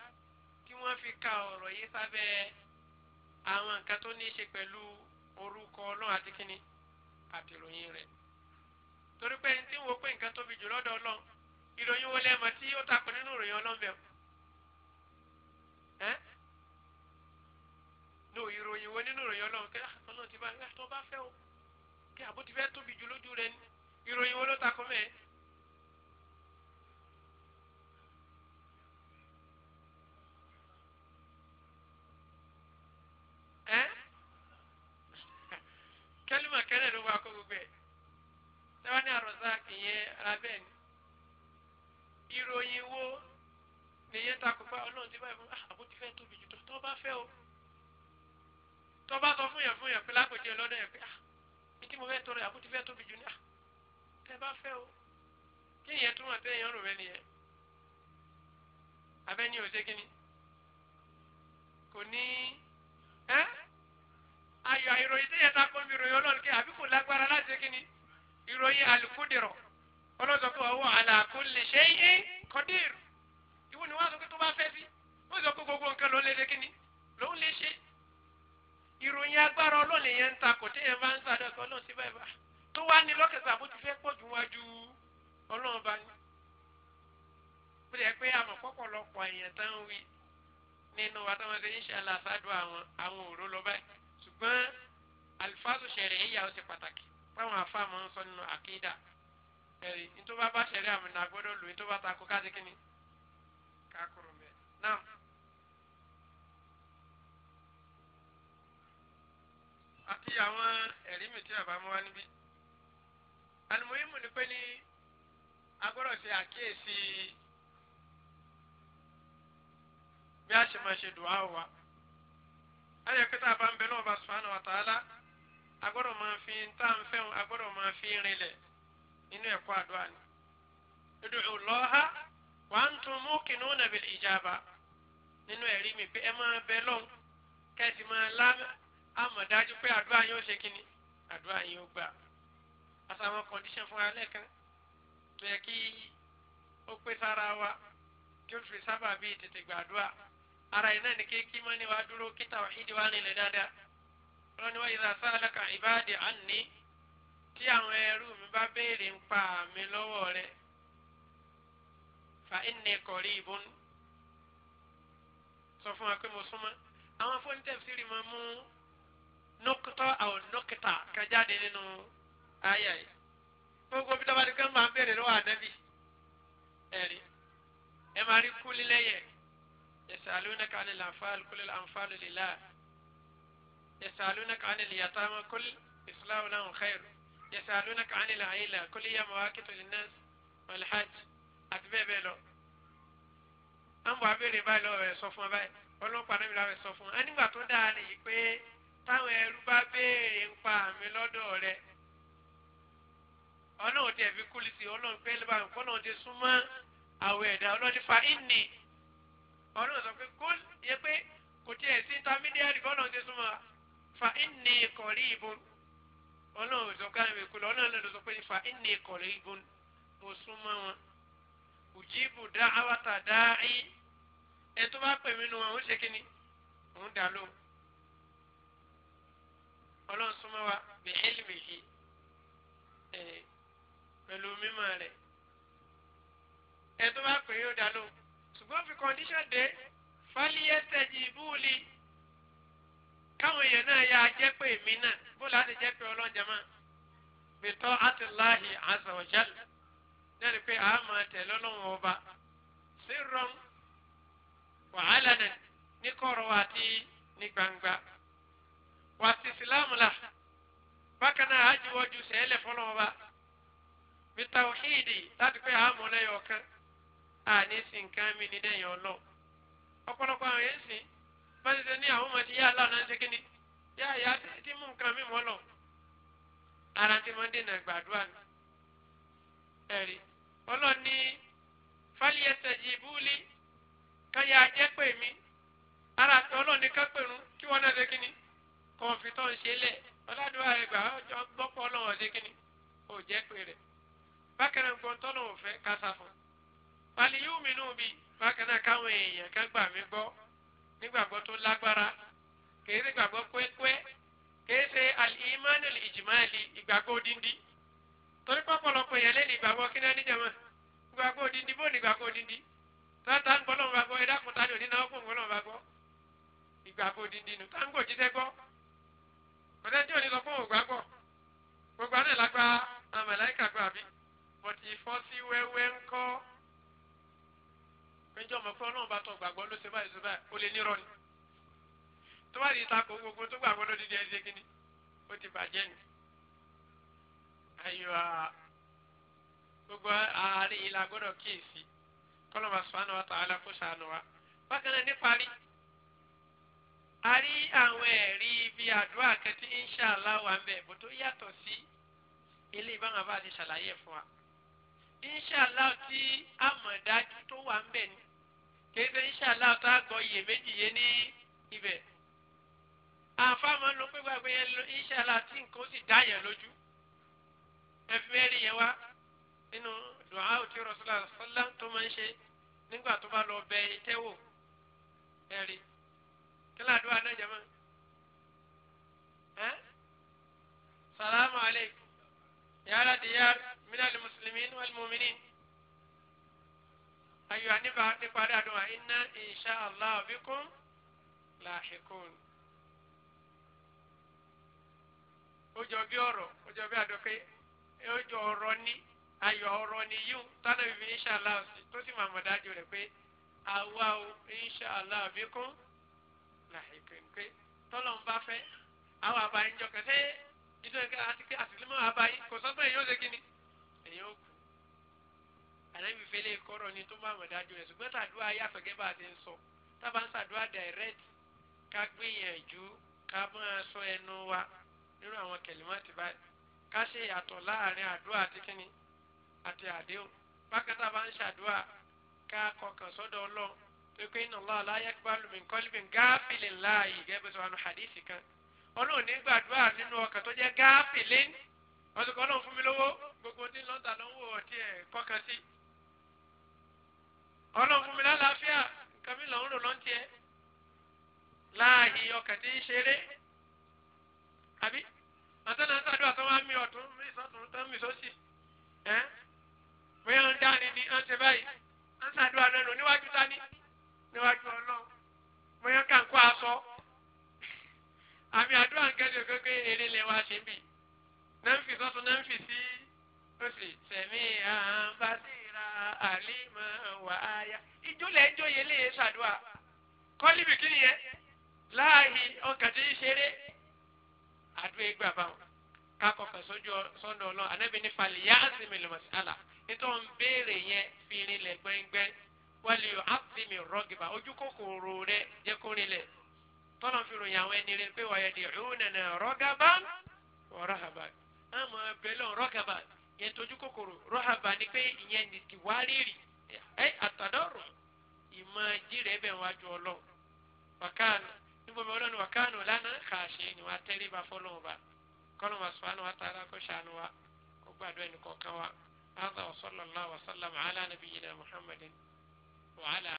tí wọ́n fi ka ọ̀rọ̀ yìí sábẹ́ àwọn nǹkan tó ní í ṣe pẹ̀lú orúkọ ọlọ́run àti kínní àti ìròyìn rẹ̀ torí pé ẹni tí ń wo pé nǹkan tóbi jù lọ́dọ̀ ọlọ́run ìròyìn wo lẹ́mọ̀ tí ó takò nínú ìròyìn ọlọ́run bẹ̀rù ẹ́ ní ìròyìn wo nínú ìròyìn ọlọ́run kí ọlọ́run ti bá ah, tó bá fẹ́ o kí àbó ti fẹ́ tóbi jù lójú rẹ ní ìròyìn wo ló takò mẹ́ẹ̀ ẹ́ eh? kẹ́límà kẹ́lẹ́ ló wà kó gbogbo ẹ̀ tẹ́wọ́n ní àròsá kìyẹn arábẹ́ ni ìròyìn wo nìyẹn takò pa ọlọ́run ti báyìí fún ah, àbó ti fẹ́ tóbi jù tó bá fẹ́ o tó bá sọ fún yẹn fún yẹn pé lápèjì ọlọ́dọ̀ yẹn pé ah ní tí mo fẹ́ tọrọ àbó ti fẹ́ tóbi jù ní ah tẹ́ bá fẹ́ o kí ìyẹn túmọ̀ tẹ́ ìyẹn rò rẹ nìyẹn abẹ́ni ò ṣe kí ni kò ní ẹ́ ayọ̀ ìròyìn tó yẹ ká kó mi ròyìn ọlọ́run kí àbí kò lágbára láti ṣe kíni ìròyìn àlùkùdìrọ̀ ọlọ́sọ pé ọwọ́ àlàkù lè ṣe é kọ́dìrì ìwọ ni wọ́n sọ pé tó bá fẹ́ sí wọ́n sọ pé gbogbo nǹkan ló lè ṣe kíni ló ń lè ṣe ìròyìn agbára ọlọ́run yẹn ń ta kò tí bá ń sáré ọkọ ọlọ́run sí báyìí bá tó wá ní lọ́kẹ̀sà bó ti fẹ́ pọ̀ jù wájú ọlọ́run bá ní. ó lè pé àmọ̀ pọ̀pọ̀lọpọ̀ nínú àtàwọn inshallah àfádùn àwọn àwọn òró lọ báyìí ṣùgbọ́n àlùfáàsù ṣẹ̀rẹ̀ ẹ̀yà ó ti pàtàkì fáwọn afáàmọ́ ń sọ nínú àkídà ẹ̀rí nítorí bá bá ṣẹ̀rẹ̀ àmì náà gbọ́dọ̀ lò nítorí bá ta kó káàdì kínní káàkóró mẹ́ náà. àti àwọn ẹ̀rí mi tí bàbá mú wá níbí. àlùmọ́yìnmù ni pé ní agbọ́dọ̀ ṣe àkíyèsí. bí a ṣe máa ṣe dùn áwò wa. ayọ̀ kí tá a bá ń bẹ náà bá subhanahu wa ta'ala a gbọ́dọ̀ máa fi tá à ń fẹ́ a gbọ́dọ̀ máa fi rinlẹ̀ nínú ẹ̀kọ́ àdúrà ni. ud'u Allaha wa antum muqinuna bil ijaba nínú ẹ̀rí mi pé ẹ máa bẹ lọ́hùn kẹ́sì máa lá àmọ̀dájú pé àdúrà yóò ṣe kíni àdúrà yóò gbà. àtàwọn condition fún alẹ́ kan tó yẹ kí ó pé sára wa kí ó fi sábà bíi tètè gbàdúrà ara yìí náà ni kí kí mọ́ni wàá dúró kí tawhid wàá nílẹ̀ dáadáa wọ́n ní wọ́n yìí sá lọ́kà ìbáàdì àní tí mi bá béèrè ń mi lọ́wọ́ rẹ̀ fa inni qaribun sọ fún wa pé mo súnmọ́ àwọn fún tafsiri máa mú nọ́kítọ́ àwọn nọ́kítà kájáde nínú ayé yìí gbogbo bí tọ́ba ti kán máa ń béèrè lọ́wọ́ ànábì ẹ̀rí ẹ máa rí kúlí lẹ́yẹ̀. يسألونك عن الأنفال كل الأنفال لله يسألونك عن اليتامى كل إصلاح لهم خير يسألونك عن العيلة كل هي مواقف للناس والحج أتبع بلو أم بعبير بالو سوفما باي Ọlọ́run pa níbi láwọn sọ fún un ẹnìgbà tó dáa nìyí pé táwọn ẹrú bá béèrè ń pa àmì lọ́dọ̀ rẹ̀ Ọlọ́run tẹ̀ fi kúlì sí Ọlọ́run pé lọ́ba nǹkan náà ti súnmọ́ àwọ̀ ẹ̀dá Ọlọ́run ti fa ìnì ọlọ́run sọ pé kó yẹ pé kò tiẹ̀ sí intermediary bọ́ọ̀lù ti súnmọ́ fa inni qaribun ọlọ́run sọ pé àwọn èkó ọlọ́run ló sọ pé fa inni qaribun mo súnmọ́ wọn ujibu da'wata da'i ẹ tó bá pè mí nu wọn ó ṣe kíni òun dà lóhùn ọlọ́run súnmọ́ wa bi ilmihi pẹ̀lú mímọ́ rẹ̀ ẹ tó bá pè yóò dá lóhùn ṣùgbọ́n fi condition dé fáliyé tẹ̀jì búùlì káwọn èèyàn náà yà á jẹ́ pé èmi náà bó láti jẹ́ pé ọlọ́njẹ́ máa bitọ́ atiláhi azawajal lẹ́nu pé a máa tẹ̀ lọ́lọ́wọ́ ọba sírọ̀m wàhálà náà ní kọ̀rọ̀ wa àti ní gbangba wà sí ìsìláàmù la bákan náà a jíwọ́ ju sẹ́lẹ̀ fọlọ́wọ́ ba bitọ́ hídì láti pé a mọ̀ lẹ́yọ̀ kan àní sí nǹkan mi ní dẹ́yìn ọlọ́ ọ̀pọ̀lọpọ̀ àwọn yẹn sìn bá ti ṣe ní àwọn ọmọ ti yá aláwọ̀ náà ṣe kíni yá ìyá ti mú nǹkan mi mọ́ lọ ara ti máa dènà gbàdúrà ni ẹ̀rí ọlọ́ni fáliyẹsẹ̀ yìí búlí káyà jẹ́ pè mí ara àti ọlọ́ni kápẹ̀rún kí wọ́n náà ṣe kíni kọ̀ǹfìtàn ṣe lẹ̀ ọ̀làdúrà ẹgbà ọjọ́ gbọ́pọ̀ ọlọ́wọ́ ṣe kíni ò jẹ́ pè rẹ̀ bákẹ́rẹ́ ń gbọ́n tọ́lọ̀ òfẹ́ kásá fún un fàlìyúmínú bi bákan náà káwọn èèyàn ká gbà mí gbọ́ nígbàgbọ́ tó lágbára kèé ṣe gbàgbọ́ pẹ́pẹ́ kèé ṣe alìmánì ìjìmáàlì ìgbàgbọ́ òdindi torí pọ́pọ́lọpọ̀ yẹn lẹ́nu ìgbàgbọ́ kí náà níjàmọ́ ìgbàgbọ́ òdindi bóun ìgbàgbọ́ òdindi tata ń gbọ́ lọ́wọ́ gbàgbọ́ ẹ̀dá kùtà ní onínáwó fún gbọ́ lọ́wọ́ gbàgbọ́ ìgbàgbọ́ òdindi nù táǹgò jíṣẹ́ gbọ́ ọ̀dẹ́ tí òní sọ fún ògbàgbọ́ gbogbo àná ìlágbá àmàlà péjọ mọ̀ pé ọlọ́run bá tọ̀ gbàgbọ́ ló ṣe báyìí ṣe báyìí ó lè nírọ̀ ni tó bá yìí takò gbogbo tó gbàgbọ́ ló dídí ẹ̀ṣẹ̀ kínní ó ti bàjẹ́ ni. ayọ̀ gbogbo ààrẹ ìlà gbọ́dọ̀ kíyèsí kọ́lọ́mà sùpánù wa ta'ala kó ṣàánú wa bákan náà níparí a rí àwọn ẹ̀rí bíi àdúrà kẹtí insha Allah wà ń bẹ̀ bó tó yàtọ̀ sí ilé ìbámu àbá àti ṣàlàyé fún wa inṣàlá tí àmọ̀dájú tó wà ń bẹ̀ ni kìí ṣe inṣàlá tó àgọ́ iye méjì yé ní ibẹ̀. àfàmọ́ ló pé gbàgbé yẹn lo inṣàlá tí nǹkan ó sì dá yẹn lójú. ẹ̀fí mẹ́rin yẹn wá nínú dùhà òtí rọ̀ṣọ́lá sọ́lá tó máa ń ṣe nígbà tó bá lọ bẹ tẹ́wò ẹ̀rí. kílà àdúrà náà jẹ́ mọ́. aleykum yàrá di yàrá. من المسلمين والمؤمنين أيها نبع نبع إنا إن شاء الله بكم لاحقون ojo bi ọ̀rọ̀ ojo bi adoke ojo ọ̀rọ̀ ni ayọ̀ ọ̀rọ̀ ni yiwu tana bibi inshallah tó sì máa mọ dájú rẹ pé àwa o inshallah bikum lahiqun pé tọ́lọ̀ ń bá fẹ́ àwọn àbáyé ń jọ kẹsẹ́ ìdúró àti àtìlímọ̀ àbáyé kò sọ́tọ̀ èyí ó ṣe kí ni èèyàn ó kú ànábì fẹlẹ kọrọ ni tó máa mọ dájú rẹ ṣùgbọ́n tàdúrà yàtọ̀ gẹ́gbà ti ń sọ tábà ń sàdúrà direct ká gbìyànjú ká máa sọ ẹnu wa nínú àwọn kẹlímọ́tì báyìí ká ṣe ìyàtọ̀ láàrin àdúrà àti kíni àti àdéhùn bákan tábà ń ṣàdúrà ká kọkàn sọ́dọ̀ ọlọ́run pé pé inna Allah la yaqbalu min qalbin ghafilin láàyè gẹ́gẹ́ bí sọ àwọn hadisi kan ọlọ́run nígbàdúrà nínú ọkàn tó jẹ́ gáàpìlín ọ̀sùnkọ́ ọlọ́run fún mi lówó gbogbo ní lọ́ńdà ló ń wò ó tiẹ̀ kọ́kan sí. ọlọ́run fún mi lálàáfíà nǹkan mi lọ́n rò lọ́n tiẹ̀ láàyè ọkàn tí ń ṣeré àbí àtẹnà sàdúrà tó wá mi ọ̀tún mi sọ̀tún tó mi sọ́sì ẹ́ bóyá ń dání ni à ń ṣe báyìí à ń sàdúrà náà lò níwájú dání níwájú ọlọ́run bóyá kà ń kó aṣọ àmì àdúrà ń kẹ́sì òkèké eré lè wá ṣe bì náà ń fi sọ́tún náà ń fi sí oṣù sẹ̀mí àǹfàṣìra àlímọ̀ wàáyà. ìjúlẹ̀ ìjòyè lè ṣàdúrà kọ́lí bìkínì yẹn láàyè ọkàn tí ń ṣeré àdúrà ìgbà báwọn kakọ fẹsọjú sọdọ Ọlọ́run anabi ní falẹ yá àzìmí lọmọsí àlà nítorí wọn béèrè yẹn fìrin lẹ gbẹngbẹ wálé yọ àzìmí rọgìbà ojú kòkòrò rẹ jẹ kó rin lẹ tọ́lọ̀ fi ròyìn àwọn ẹni rẹ pé wàá yẹ di ìhùn nànà rọgàbà wọ́n rọgàbà àmọ́ abẹ́lẹ̀ rọgàbà yẹn tójú kòkòrò rọ́hàbà ni pé ìyẹn ní ti wá rírì ẹ àtàdọ́rọ̀ ìmọ̀ jírẹ̀ bẹ̀ wájú ọlọ́run wàkàánù níbo mi ọlọ́run wàkàánù lánàá kàṣe ni wàá tẹ́lẹ̀ bá fọlọ́run bá kọ́nà wà sùn àwọn àtàrà kó ṣàánú wa kó gbàdúrà ẹnì kọ̀ọ̀kan wa.